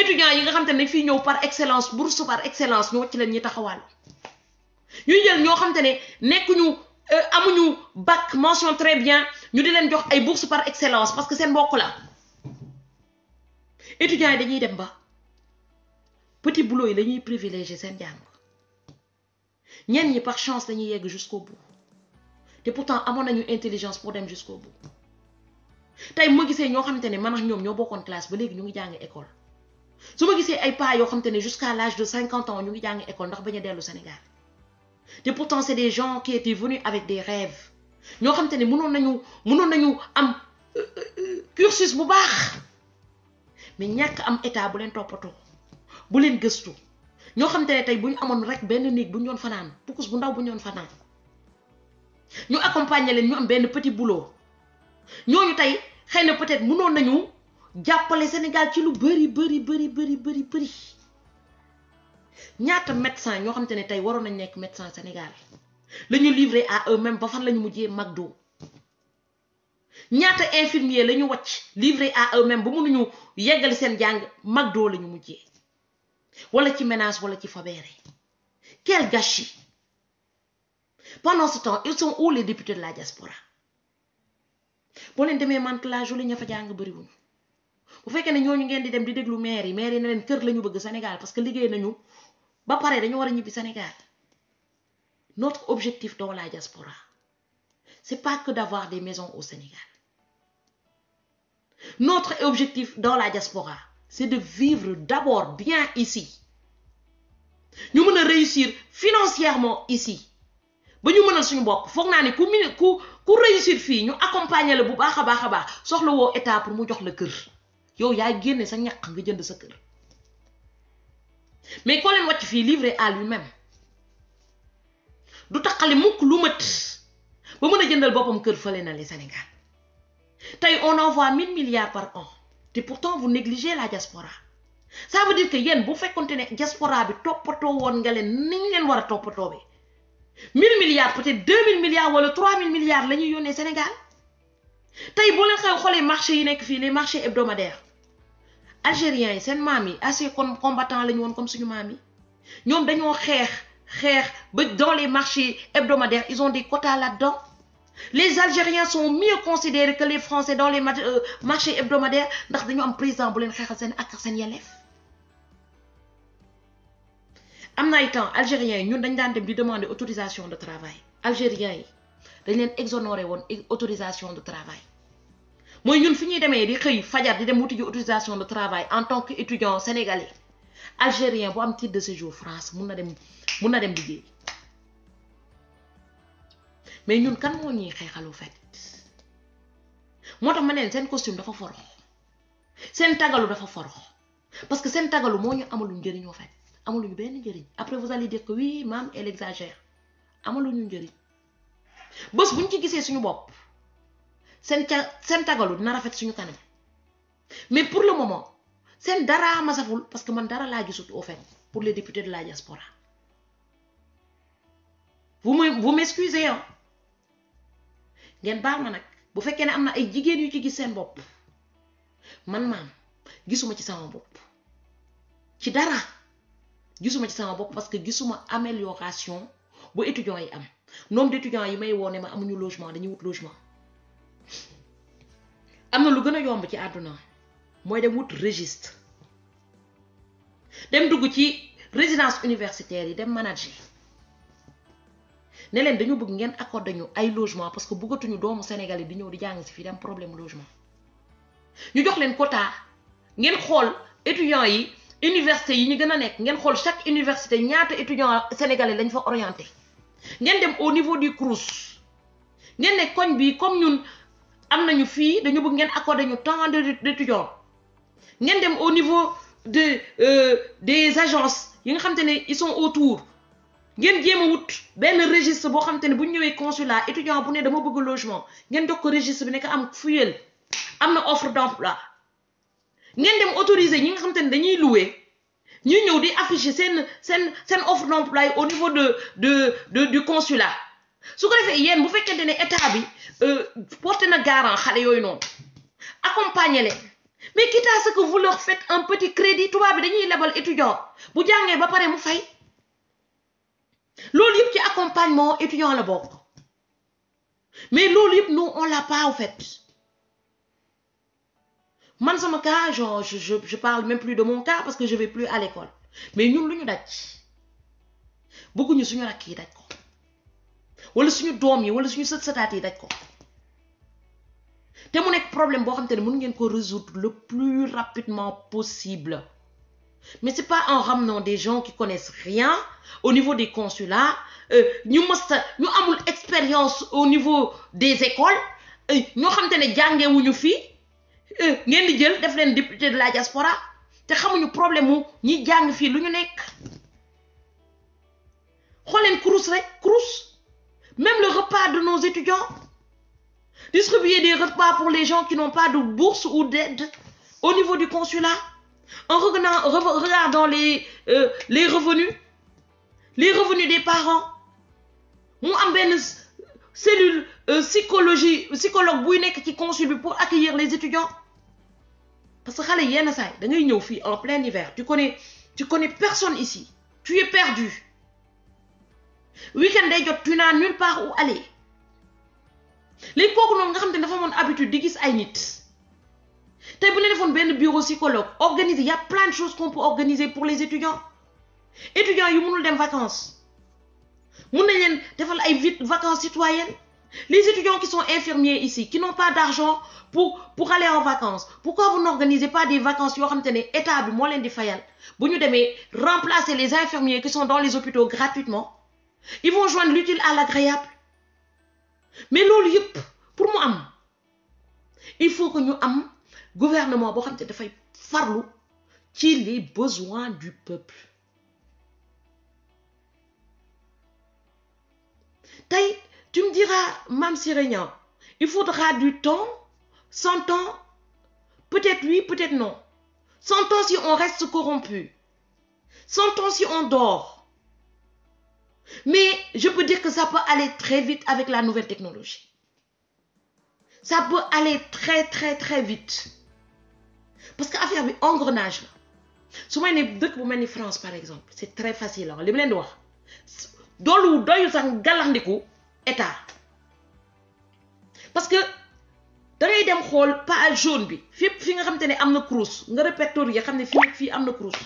étudiants yi nga xam te ne fii ñëw par excellence bourse par excellence ñoo ci leen ñi taxawal ñuy jël ñoo xam te ne nekkuñu euh, amuñu bac mention très bien ñu di leen jox ay bourse par excellence parce que seen bokk la étudiants yi dañuy dem ba petit boulot yi dañuy privilégier seen jàng ñenn ñi par chance dañuy yegg jusqu'au bout te pourtant amoon nañu intelligence pour dem jusqu'au bout tey ma gisee ñoo xamante ne man ak ñoom ñoo bokkoon classe ba léegi ñu ngi jàng école su ma gisee ay pas yoo xamante ne jusqu'à l'âge de cinquante ans ñu ngi jàng école ndax bañ a dellu Sénégal te pourtant c'est des gens qui étaient venus avec des rêves ñoo xamante ne mënoon nañu mënoon nañu am euh, euh, euh, cursus bu baax mi ñàkk am état bu leen toppatoo bu leen gëstu ñoo xamante ne tey bu ñu amoon rek benn néeg bu ñu doon fanaan pukus bu ndaw bu ñu doon fanaan ñu accompagner leen ñu benn petit boulot. ñooñu tey xëy na peut-être mënoon nañu jàppale Sénégal ci lu bëri bëri bëri bëri ñaata médecin ñoo xamante ne tey waroon nañ nekk médecin Sénégal la ñu livré à eux-mêmes ba fan la ñu mujjee McDo ñaata infirmier la ñu wàcc livré à eux-mêmes ba mënuñu yeggali seen jàng McDo lañu ñu mujjee wala ci ménage wala ci Fabéré quel gâchis pendant ce temps ils sont où les députés de la diaspora boo leen demee mantelage yu la ña fa jàng bëriwuñ bu fekkee na ñoo ñu ngeen di dem di déglu maire yi maire yi ne leen kër la ñu bëgg Sénégal parce que liggéey nañu ba pare dañu war a ñibbi Sénégal notre objectif dans la diaspora c'est pas que d'avoir des maisons au Sénégal notre objectif dans la diaspora c'est de vivre d'abord bien ici ñu mën a réussir financièrement ici ba ñu mën a suñu bopp foog naa ne ku ku pour réussir fii ñu accompagner la bu baax a baax a baax soxlawoo woo état pour mu jox la kër yow yaa génne sa ñaq nga jënd sa kër mais koo leen wàcc fii livré à lui-même du taqali mukk lu mët ba mën a jëndal boppam kër fële na le Sénégal tey on envoie mille milliards par an te pourtant vous négligez la diaspora ça veut dire que yéen bu fekkonte ne diaspora bi toppatoo woon nga leen niñ leen war a toppatoo bi mille milliards peut-être deux mille milliards wala trois mille milliards la ñuy yónnee Sénégal tey boo leen xew xoolee marché yi nekk fii le marché hebdomadaires algériens yi seen maam yi assez comme combattant la ñu woon comme suñu maam yi ñoom dañoo xeex xeex ba dans les marchés hebdomadaires ils ont des quotas la dedans les algériens sont mieux considérés que les français dans les euh, marchés hebdomadaires ndax dañu am président bu leen xeexal seen ak seen yelleef am na ay temps algériens yi ñun dañ daan dem di demander autorisation de travail algériens yi dañ leen exonéré woon autorisation de travail mooy ñun fi ñuy demee di xëy fajar di dem wuti ji autorisation de travail en tant que étudiant sénégalais algérien bu am titre de séjour France mun na dem mun na dem liggéey mais ñun kan moo ñuy xeexalu fet moo tax ma neen seen costume dafa forox seen tagalu dafa forox parce que seen tagalu moo ñu amaluñ njëriñoo fet amaluñu benn njëriñ après vous allez dire que oui maam elle exagère amaluñu njëriñ bés buñ ci gisee suñu bopp seen ca seen tagalu dina rafet suñu kanam mais pour le moment seen dara ma saful parce que man dara laa gisut au pour les députés de la diaspora vous bu vous m'excusez ah ngeen baal ma nag bu fekkee ne am na ay jigéen yu ci gis seen bopp man maam gisuma ci sama bopp ci dara. gisuma ci sama bopp parce que gisuma amélioration bu étudiants yi am nombre d'étudiants yi may woone ma amuñu logement dañuy wut logement am na lu gën a yomb ci àdduna mooy dem wut registre dem dugg ci résidence universitaire yi dem manager ne leen dañu bëgg ngeen accordé ñu ay logement parce que buggatuñu doomu Sénégal yi di ñëw di jàng si fii dem problème logement ñu jox leen quota ngeen xool étudiants yi université yi ñu gën a nekk ngeen xool chaque université ñaata étudiant sénégalais lañ fa orienté ngeen dem au niveau du CROUS ngeen ne koñ bii comme ñun am nañu fii dañu bëgg ngeen accordé ñu de d'étudiants ngeen dem au niveau de euh, des agences yi nga xam te ne ils sont autour ngeen jéem a wut benn registre boo xam te ne bu ñu ñëwee consulat étudiant bu ne dama bëgg logement ngeen jox ko registre bi nekk am fuyel am na offre d'emploi ngeen dem autoriser ñi nga xam te dañuy louer ñuy ñëw di afficher seen seen seen offre d'emploi au niveau de de de du consulat su ko defee yéen bu fekkente ne état bi euh, porté na garant xale yooyu noonu accompagner leen mais quitte à ce que vous leur petit crédit tubaab bi dañuy lebal étudiant bu jàngee ba pare mu fay loolu yëpp ci accompagnement étudiant la bokk mais loolu yëpp nous on l'a pas en man sama cas genre je je je parle même plus de mon cas parce que je vais plus à l'école mais ñun lu ñu daj bëgguñu suñu rakk yi daj ko wala suñu doom yi wala suñu sët sëtaat yi daj ko te mu nekk problème boo xam te ne mën ngeen ko résoudre le plus rapidement possible mais c'est pas en ramenant des gens qui connaissent rien au niveau des consulats euh, ñu mosta a ñu amul expérience au niveau des écoles euh, ñoo xam te ne jàngewuñu fii Eh, ngeen di jël def leen député de la diaspora te xamuñu problème mu ñi jàng fii lu ñu nekk xool leen rek crous même le repas de nos étudiants distribuer des repas pour les gens qui n'ont pas de bourse ou d'aide au niveau du consulat en regardant les euh, les revenus les revenus des parents mu am benn cellule euh, psychologie psychologue buy nekk ci consul bi pour accueillir les étudiants parce que xale yenn saay da ngay ñëw fii en plein hiver tu connais tu connais personne ici tu es perdu week day jot tu n'as nulle part où aller léegi kooku noonu nga xam te dafa amoon habitude di gis ay nit tey bu ñu defoon benn bureau psychologue organisé y a plein de choses qu'on organiser pour les étudiants étudiants yu mënul dem vacances mun nañ leen defal ay vacances citoyennes Les étudiants qui sont infirmiers ici, qui n'ont pas d'argent pour, pour aller en vacances, pourquoi vous n'organisez pas des vacances étables, moi l'un des Vous nous devez remplacer les infirmiers qui sont dans les hôpitaux gratuitement. Ils vont joindre l'utile à l'agréable. Mais l'olive, pour moi, il faut que nous am gouvernement boo xam te dafay farlu ci les besoins du peuple Tu me diras, Mam Sirignan, il faudra du temps, 100 ans, peut-être oui, peut-être non. 100 ans si on reste corrompu. 100 ans si on dort. Mais je peux dire que ça peut aller très vite avec la nouvelle technologie. Ça peut aller très, très, très vite. Parce qu'affaire bi engrenage la su may ne dëkk bu mel ni France par exemple c'est très facile li mu leen di wax doolu doyul sax gàllandiku état parce que da dem xool page jaune bi fépp fi nga xamante ni am na crous nga répertorier xam ne fii fii am na crous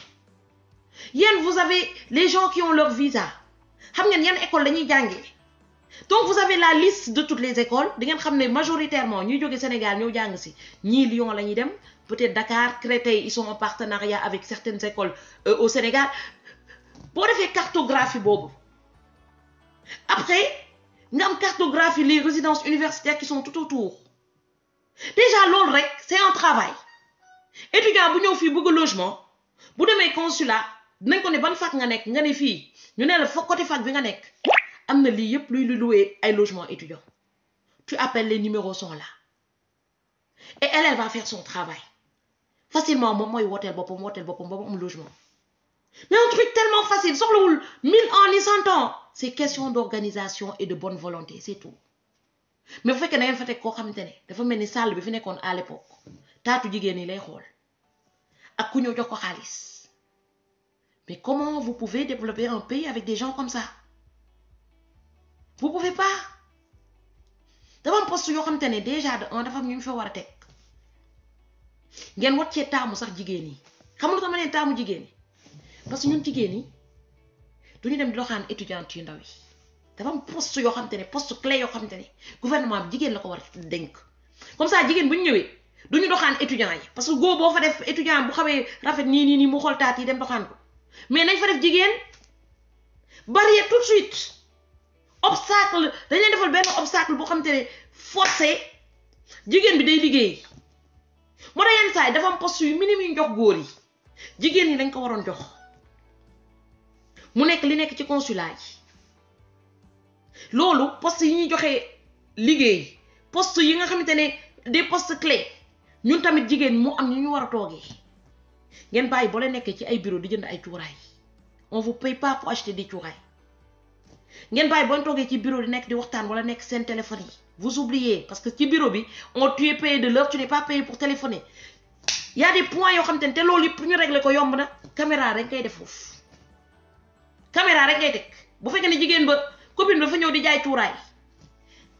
yéen vous avez les gens qui ont leur visa xam ngeen yan école dañuy jàngee donc vous avez la liste de toutes les écoles di ngeen xam ne majoritairement ñuy jóge Sénégal ñëw jàng si ñii Lyon la ñuy dem peut-être Dakar Créteil ils sont en partenariat avec certaines écoles euh, au Sénégal boo defee cartographie boobu après. ñu am cartographie les résidences universitaires qui sont tout autour déjà loolu rek c'est un travail étudiant bu ñëw fii bëgg logement bu demee consulat dinañ ko ne ban fac nga nekk nga ne fii ñu ne la fa côté fac bi nga nekk am na lii yëpp luy lu louer ay logement étudiant tu appelles les numéros sont là et elle elle va faire son travail facilement moom mooy wooteel boppam wooteel boppam ba mu logement Mais un truc tellement facile, sans le 1000 ans ni 100 ans. C'est question d'organisation et de bonne volonté, c'est tout. Mais vous faites que vous avez fait quoi comme télé Vous faites une salle, vous faites à l'époque. Tatu Digeni les rôles. À Kunyo Djoko Khalis. Mais comment vous pouvez développer un pays avec des gens comme ça Vous pouvez pas. D'abord, poste yo comme télé déjà de un dafa ñu fa a teg Ngeen wot cee taamu sax jigéen yi. Xamul ko mané taamu jigéen yi. parce que ñun jigéen ñi du ñu dem di doxaan étudiante yu ndaw yi dafa am yoo xam te ne poste clé yoo xam te ne gouvernement bi jigéen la ko war a dénk comme ça jigéen bu ñu ñëwee du ñu doxaan étudiant yi parce que góor boo fa def étudiant bu xawee rafet nii nii nii mu xool taat yi dem doxaan ko mais nañ fa def jigéen barrière tout de suite obstacle dañ leen defal benn obstacle boo xam te ne forcé jigéen bi day liggéey moo tax yenn saa yi dafa am poste yu mi yu ñu jox yi jigéen ñi dañ ko waroon jox. mu nekk li nekk ci consulat yi loolu poste yi ñuy joxe liggéey poste yi nga xamante ne des postes clés ñun tamit jigéen mu am ñu ñu war a toogee ngeen bàyyi boo leen nekkee ci ay bureau di jënd ay cuuraay on vous paye pas pour acheter des cuuraay ngeen bàyyi boo toogee ci bureau di nekk waxtaan wala nekk seen téléphone yi vous oubliez parce que ci bureau bi on tu es payé pour téléphoner y a des points yoo xam te ne te loolu yëpp ñu régler ko yomb na caméra rek ngay def foofu. caméra rek ngay teg bu fekkee ne jigéen ba copine ba dafa ñëw di jaay cuuraay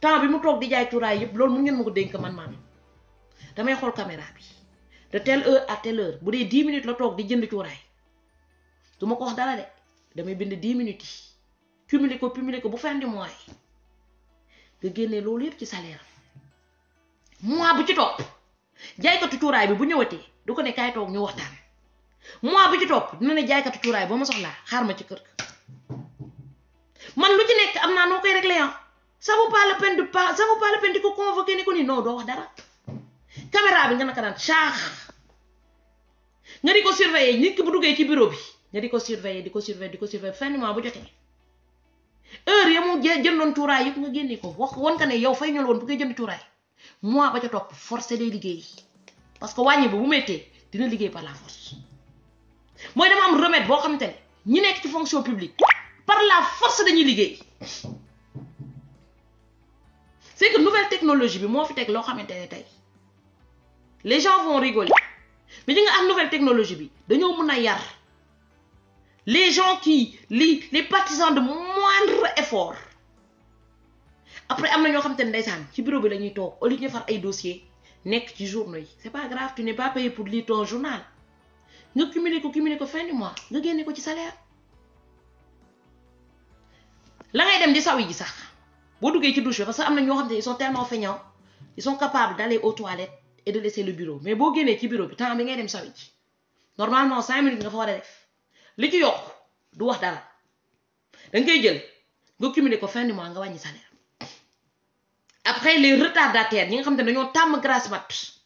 temps bi mu toog di jaay cuuraay yëpp loolu ngeen ma ko dénk man damay xool caméra bi de telle bu dee dix minutes la toog di jënd cuuraay du ma ko wax dara de damay bind dix minutes yi ko cumulé ko bu fin du mois yi nga génnee loolu yëpp ci salaire mois bu ci topp jaaykatu cuuraay bi bu ñëwatee du ko ne toog ñu waxtaan mois bu ci topp du ne jaaykatu cuuraay boo ma soxlaa xaar ma ci kër. man lu ci nekk am naa noo koy réglé ah ça vaut pas la peine de pas ça vaut pas la peine di ko convoqué ni ko nii non doo wax dara caméra bi nga naka daan caax nga di ko surveiller nit ki bu duggee ci bureau bi nga di ko surveiller di ko surveiller di ko surveiller fin mois bu jotee heure ya mu jëndoon tuuraay yëpp nga génnee ko wax won ka ne yow fay ñol woon bu koy jënd tuuraay mois ba ca topp forcé day liggéey parce que wàññi bi bu méttee dina liggéey par la force mooy dama am remède boo xamante ne ñi nekk ci fonction publique par la force dañuy liggéey c'est que nouvelle technologie bi moo fi teg loo xamante ne tey les gens vont rigoler mais ñi nga am nouvelle technologie bi dañoo mën a yar les gens qui li les partisans de moindre effort après am na ñoo xamante ne ndeysaan ci bureau bi la ñuy toog au lieu ñu ay dossier nekk ci journaux yi c'est pas grave tu n'es pas payé pour lire ton journal nga cumuler ko cumuler ko fin du mois nga génne ko ci salaire la ngay dem di saw ji sax boo duggee ci douche bi parce que am na ñoo xam ne ils sont tellement feignants ils sont capables d'aller aux toilettes et de laisser le bureau mais boo génnee ci bureau bi temps bi ngay dem saw ji normalement cinq minutes nga fa war a def li ci yokk du wax dara da ngay jël nga cumuler ko fin du mois nga wàññi salaire après les retardataires ñi nga xam ne dañoo tàmm grasse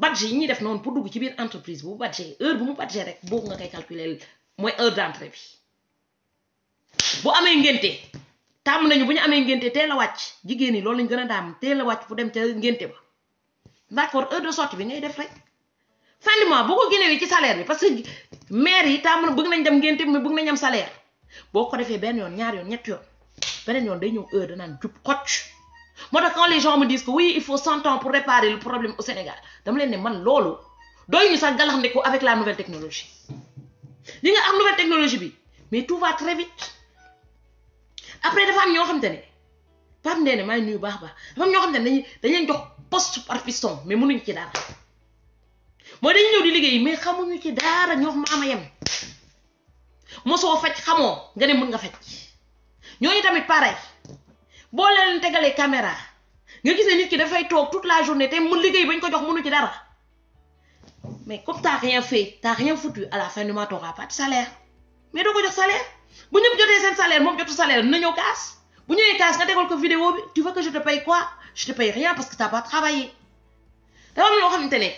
badge yi ñuy def noonu pour dugg ci biir entreprise bu badge heure bu mu badge rek boobu nga koy calculer mooy heure d'entrée bi bu amee ngénte tàmm nañu bu ñu amee ngénte teel a wàcc jigéen ñi loolu lañ gën a daam teel a wàcc pour dem ca ngénte ba d'accord heure de sortie bi ngay def rek fin du mois boo ko génnewee ci salaire bi parce que maire yi tàmm na bëgg nañ dem ngénte bi mais bëgg nañ am salaire boo ko defee benn yoon ñaar yoon ñetti yoon beneen yoon day ñëw heure danaan jub xocc moo tax quand les gens me disent que oui il faut cent ans pour réparer le problème au Sénégal dama leen ne man loolu doy ñu sax gàllankoor avec la nouvelle technologie li nga am nouvelle technologie bi mais tout va très vite après dafa am ñoo xamante ne Pape Ndeye ne maa nuyu baax baax dafa am ñoo xamante ne dañuy dañ leen jox poste mais piston mais mënuñ ci dara mooy dañu ñëw di liggéey mais xamuñu ci dara ñoo maama yem mosoo faj xamoo nga ne mën nga faj ñooñu tamit pareil. boo leen tegalee caméra nga gis ne nit ki dafay toog toute la journée te mu liggéey bañ ko jox mënu ci dara mais comme t'as rien fait t'as rien foutu à la fin du mois t'auras pas salaire mais doo ko jox salaire bu ñëpp jotee seen salaire moom jotu salaire na ñëw kaas bu ñuy kaas nga tegal ko vidéo bi tu veux que je te paye quoi je te paye rien parce que t'as pas travaillé dafa am loo xamante ne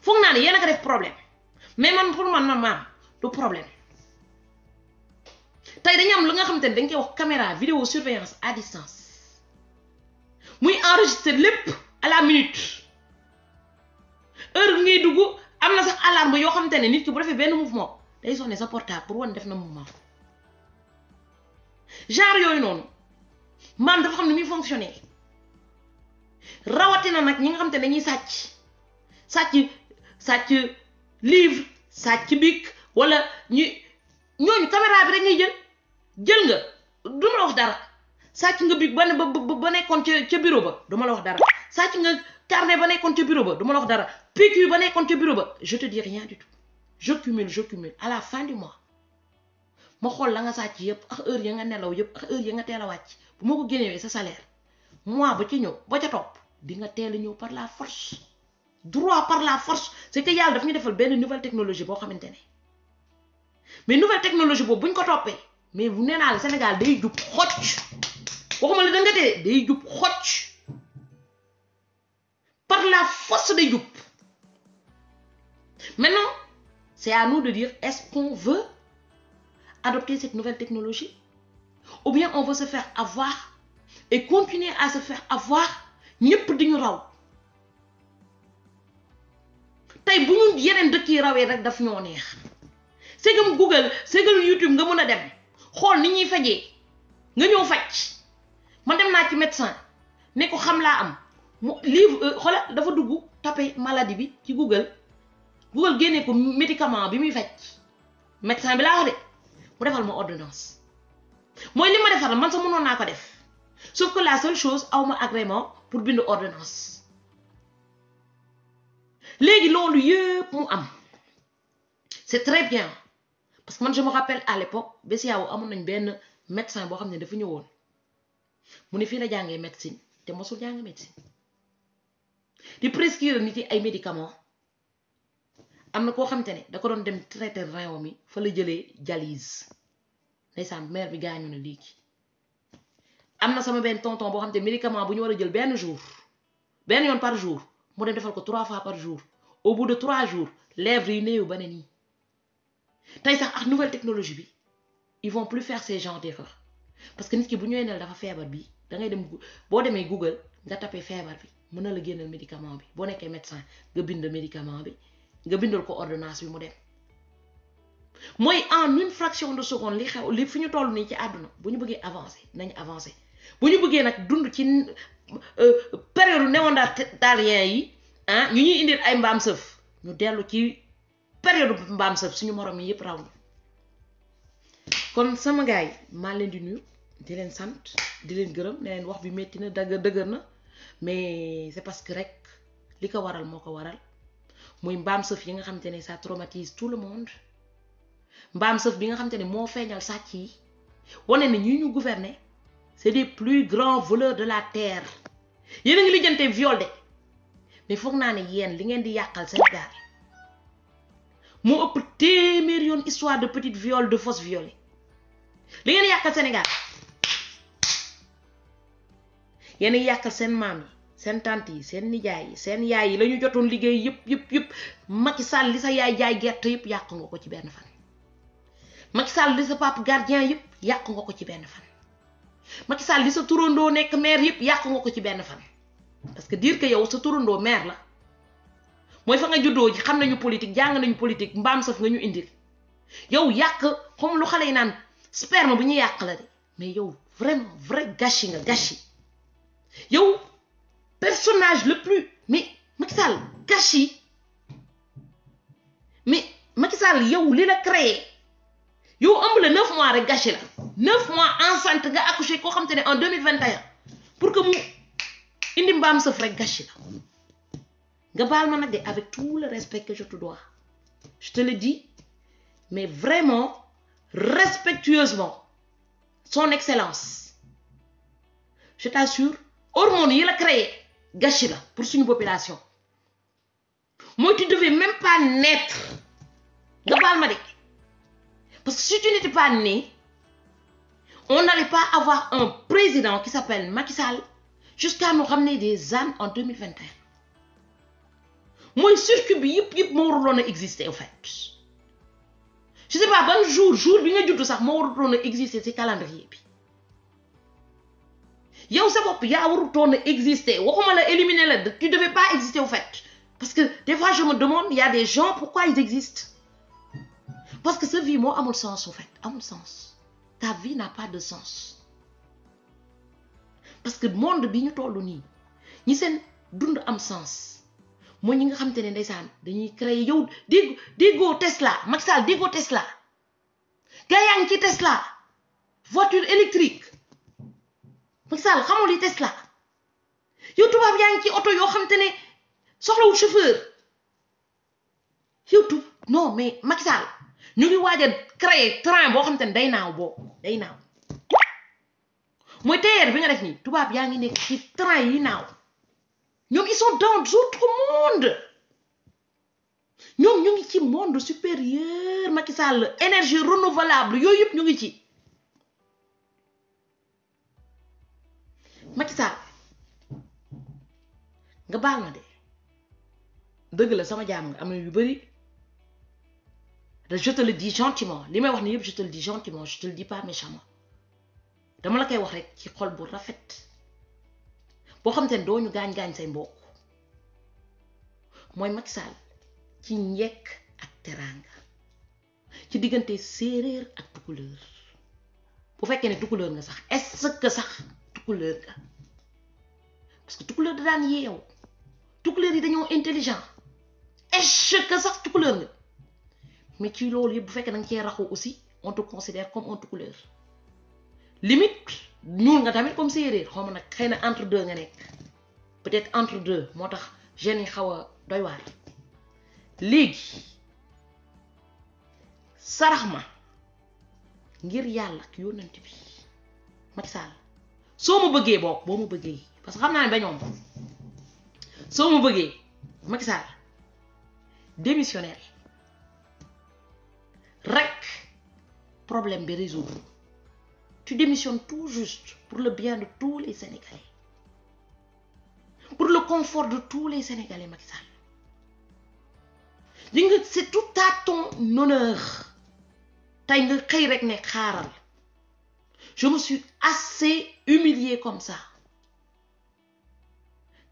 foog naa ne yéen a ko def problème mais man pour man ma maam du problème. tey dañu am lu nga xamante ne dañ koy wax caméra vidéo surveillance à distance muy enregistrer lépp à la minute heure bi ngay dugg am na sax alarme yoo xamante ne nit ki bu defee benn mouvement day sonné sa portable pour wan def na mouvement genre yooyu noonu maam dafa xam ne muy fonctionné rawatina nag ñi nga xamante ne dañuy sàcc sàcc sàcc livre sàcc bic wala ñu ñooñu caméra bi rek ngay jël. jël nga du la wax dara sàcc nga bi ba ne ba ba nekkoon ca ca bureau ba du ma la wax dara sàcc nga carnet ba nekkoon ca bureau ba du ma la wax dara PQ ba nekkoon ca bureau ba je te dis rien du tout je à la fin du mois ma xool la nga sàcc yëpp ak heure ya nga nelaw yëpp ak heure ya nga teel a wàcc bu ma ko génnewee sa salaire mois ba ci ñëw ba ca topp di nga teel a ñëw par la force droit par la force c'est que yàlla daf ñu defal benn nouvelle technologie boo xamante ne mais nouvelle technologie boobu buñ ko toppee. mais bu nee naa la Sénégal day jub xocc waxuma la danga tee day jub xocc par la force day jub maintenant c'est à nous de dire est-ce qu'on veut adopter cette nouvelle technologie ou bien on veut se faire avoir et continuer à se faire avoir ñëpp di ñu raw tey bu ñu yeneen dëkk yi rawee rek daf ñoo neex ségam Google ségam YouTube nga mën a dem. xool ni ñuy fajee nga ñëw faj man dem naa ci médecin ne ko xam laa am mu livre euh, xoola dafa dugg tapé maladie bi ci Google Google génne ko médicament bi muy faj médecin bi laa wax de mu defal ma ordonnance mooy li ma defal man sa mënoon naa ko def sauf que la seule chose aw ma agrément pour bind ordonnance léegi loolu yëpp mu am c'est très bien. parce que man je ma rappelle à l'époque BCEAO amoon nañ benn médecin boo xam ne dafa ñëwoon mu ne fii la jàngee médecine te mosul jàng médecine di prescrire nit yi ay médicament am na koo xamante ne da ko doon dem traité rein wam yi fa la jëlee dialyse ndeysaan maire bi gaañu na léegi am na sama benn tonton boo xam ne médicament bu ñu war a jël benn jour benn yoon par jour mu dem defal ko trois fois par jour au bout de trois jours lèvres yi néew ba nii. tey sax ak nouvelle technologie bi ils vont plus faire ces genres d'erreur parce que nit ki bu ñëwee ne dafa feebar bi dangay ngay dem boo demee Google nga tapé feebar bi mën na la génneel médicament bi boo nekkee médecin nga bind médicament bi nga bindal ko ordonnance bi mu dem mooy en une fraction de seconde li xew li fi ñu toll nii ci àdduna bu ñu bëggee avancer nañ avancer bu ñu bëggee nag dund ci euh, période néandertalien yi ah ñu ñuy indil ay mbaam sëf ñu dellu ci période mbaam sëf suñu moroom yi yëpp raw ñu kon sama gaay yi maa leen di nuyu di leen sant di leen gërëm ne leen wax bi métti na dëgg dëgër na mais c'est parce que rek li ko waral moo ko waral muy mbaam sëf yi nga xamante ne ça traumatise tout le monde mbaam sëf bi nga xamante ne moo feeñal sàcc yi wane ne ñi ñu gouverner c'est des plus grands voleurs de la terre yéen a ngi lijjante viol de mais foog naa ne yéen li ngeen di yàqal Sénégal. moo ëpp téeméer yoon histoire de petite viol de fausse violée li ngeen yàqal Sénégal yéen yàqal seen maam yi seen tante yi seen nijaay yi seen yaay yi lañu jotoon liggéey yëpp yëpp yëpp Macky Sall li sa yaay jaay gerte yëpp yàq nga ko ci benn fan Macky Sall li sa yëpp yàq nga ko ci benn fan Macky Sall li sa turandoo nekk maire yëpp yàq nga ko ci benn fan parce que dire que yow sa turandoo maire la mooy fa nga juddoo ji xam nañu politique jàng nañu politique mbaam saf nga ñu indil yow yàq comme lu xale yi naan sperme bu ñu yàq la de mais yow vraiment vrai gâchis nga gâchis yow personnage le plus mais Macky Sall mais Macky Sall yow li la créé yow ëmb la neuf mois rek gâchis la neuf mois enceinte nga accouché koo xam te ne en deux mille vingt et pour que mu indi mbaam sëf rek gâchis la. nga baal ma nag de avec tout le respect que je te dois je te le dis mais vraiment respectueusement son excellence je t'assure hormone yi la créé gâchis la pour suñu population mooy tu devais même pas naître nga parce que si tu n'étais pas né on n'allait pas avoir un président qui s'appelle Macky Sall jusqu'à nous ramener des ânes en 2021 mooy circuit bi yëpp yëpp moo waruloon a exister a fait je sais pas ban jour jour bi nga juddu sax moo waruloon exister ci calendrier bi yow sa bopp yaa warutoon a exister waxuma la éliminer la tu devais pas exister en fait parce que des fois je me demande y a des gens pourquoi ils existent parce que sa vie moo amul sens en fait amul sens ta vie n'a pas de sens parce que monde bi ñu toll nii ñi sen dund am sens. mooy ñi nga xamante ne saan dañuy créer yow dégg déggoo Tesla Macky Sall déggoo Tesla gars yaa ngi ci Tesla voiture électrique Macky Sall xamoo li Tesla yow tubaab yaa ngi ci oto yoo xamante ne soxlawul chauffeur yow tub non mais Macky ñu ngi waaj a créer train boo xamante ne day naaw boo day naaw mooy teer bi nga def nii tubaab yaa ngi nekk ci train yi naaw. ñoom ils sont dans d'autres monde ñoom ñu ngi ci monde supérieur Macky énergie renouvelable yooyu yëpp ñu ngi ci Macky nga baal ma de dëgg la sama jaam nga am na yu bari je te le dis gentiment li may wax ni yëpp je te le dis gentiment je te le dis dama la koy wax rek ci xol bu rafet boo xam te ne doo ñu gaañ-gaañ say mbokk mooy Macky Sall ci njekk ak teraanga ci diggante séeréer ak tukuleur bu fekkee ne tukuleur nga sax est-ce que sax tukuleur nga parce que tukuleur da daan yeew tukuleur yi dañoo intelligent est-ce que sax tukuleur nga mais ci loolu yëpp bu fekkee da nga cee raxu aussi on te considère comme un tukuleur limite ñuul nga tamit comme séeréer xaw ma nag xëy na entre deux nga nekk peut-être entre deux moo tax jeunes yi xaw a doy waar léegi sarax ma ngir yàlla ak yónnante bi Macky soo ma bëggee bokk boo ma bëggee parce que xam naa ne ba ñoom soo ma bëggee Macky Sall démissionnaire rek problème bi résoudre. tu démissionnes tout juste pour le bien de tous les Sénégalais pour le confort de tous les Sénégalais Macky Sall nga c'est tout à ton honneur nga xëy rek ne xaaral je me suis assez humilié comme ça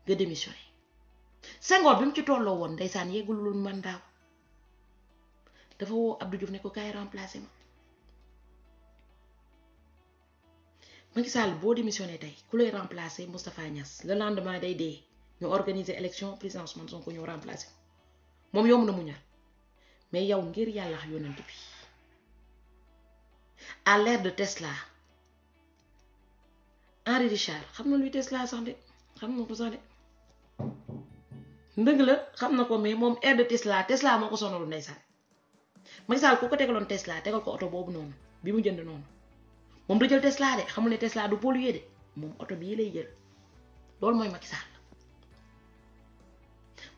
nga démissionné Senghor bi mu ci tolloo woon ndeysaan yeggul woon mandat dafa woo Abdou ne ko kaay remplacé Macky Sall boo démissionné tey ku lay remplacer Moustapha Niass la lendemain day dee ñu organiser élection président Ousmane Sonko ñëw remplacer moom yomb na mu ñor mais yow ngir yàlla yonent bi à de Tesla Henri Richard xam na luy Tesla sax de xam na ko sax de ndëgg la xam na ko mais moom ère de Tesla Tesla moo ko sonalu ndeysaan Macky Sall ku ko tegaloon Tesla tegal ko oto boobu noonu bi mu jënd noonu. moom du jël Tesla de xamul ne Tesla du polluer de moom oto bii lay jël loolu mooy Macky Sall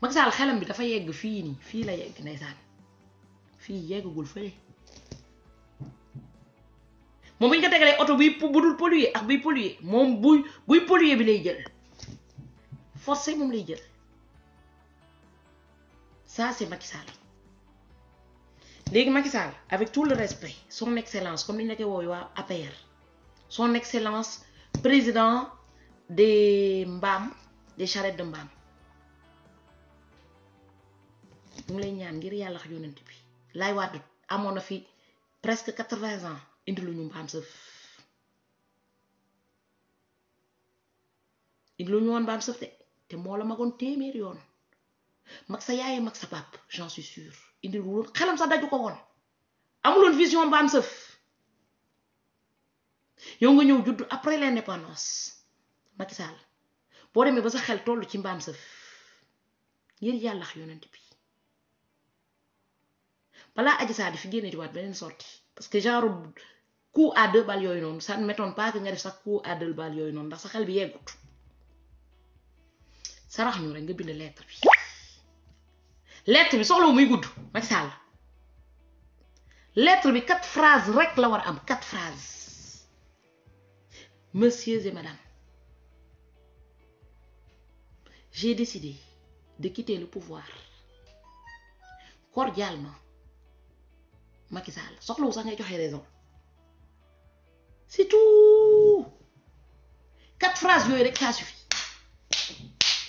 Macky xelam bi dafa yegg fii nii fii la yegg ndeysaan fii yeggagul fële moom bu ñu ko tegalee oto buy bu dul polluer bi lay jël forcé moom lay jël ça c'est Macky léegi Macky Sall avec tout le respect son excellence comme ni ñu la koy woowee waa APR son excellence président de mbaam des charrettes de mbaam mu lay ñaan ngir yàlla wax yonent bi laay waatu amoon na fi presque quatre-vingts ans indi lu ñu mbaam sëf indi lu ñu woon mbaam sëf de te moo la magoon téeméer yoon mag sa yaay mag sa pap indi woon xelam sax daju ko woon amuloon vision ba sëf yow nga ñëw judd après l'indépendance ma Sall boo demee ba sa xel toll ci mbaam sëf ngir yàlla ak yonent bi balaa Adji Sarr di fi génne di waat beneen sorti parce que genre coup à deux balles yooyu noonu sa ne m'étonne nga def sax coup à deux yooyu noonu ndax sa xel bi yeggut sarax ñu rek nga bind lettre bi lettre bi soxlawu muy gudd Macky Sall lettre bi quatre phrases rek la war a am quatre phrases messieurs et madame j'ai décidé de quitter le pouvoir cordialement Macky Sall soxlawu sax ngay joxe raison surtout tout quatre phrases yooyu rek ça suffit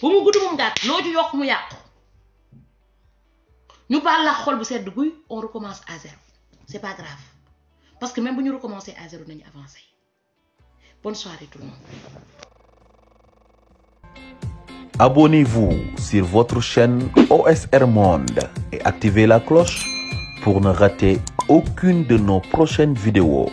bu mu gudd bu mu gàtt loo ci yokk mu yàqu. ñu baal la xol bu sedd guy on recommence à zéro c'est pas grave parce que même bu ñu recommencer à zéro nañu avancer bonne soirée tout le monde. Abonnez-vous sur votre chaîne OSR Monde et activez la cloche pour ne rater aucune de nos prochaines vidéos.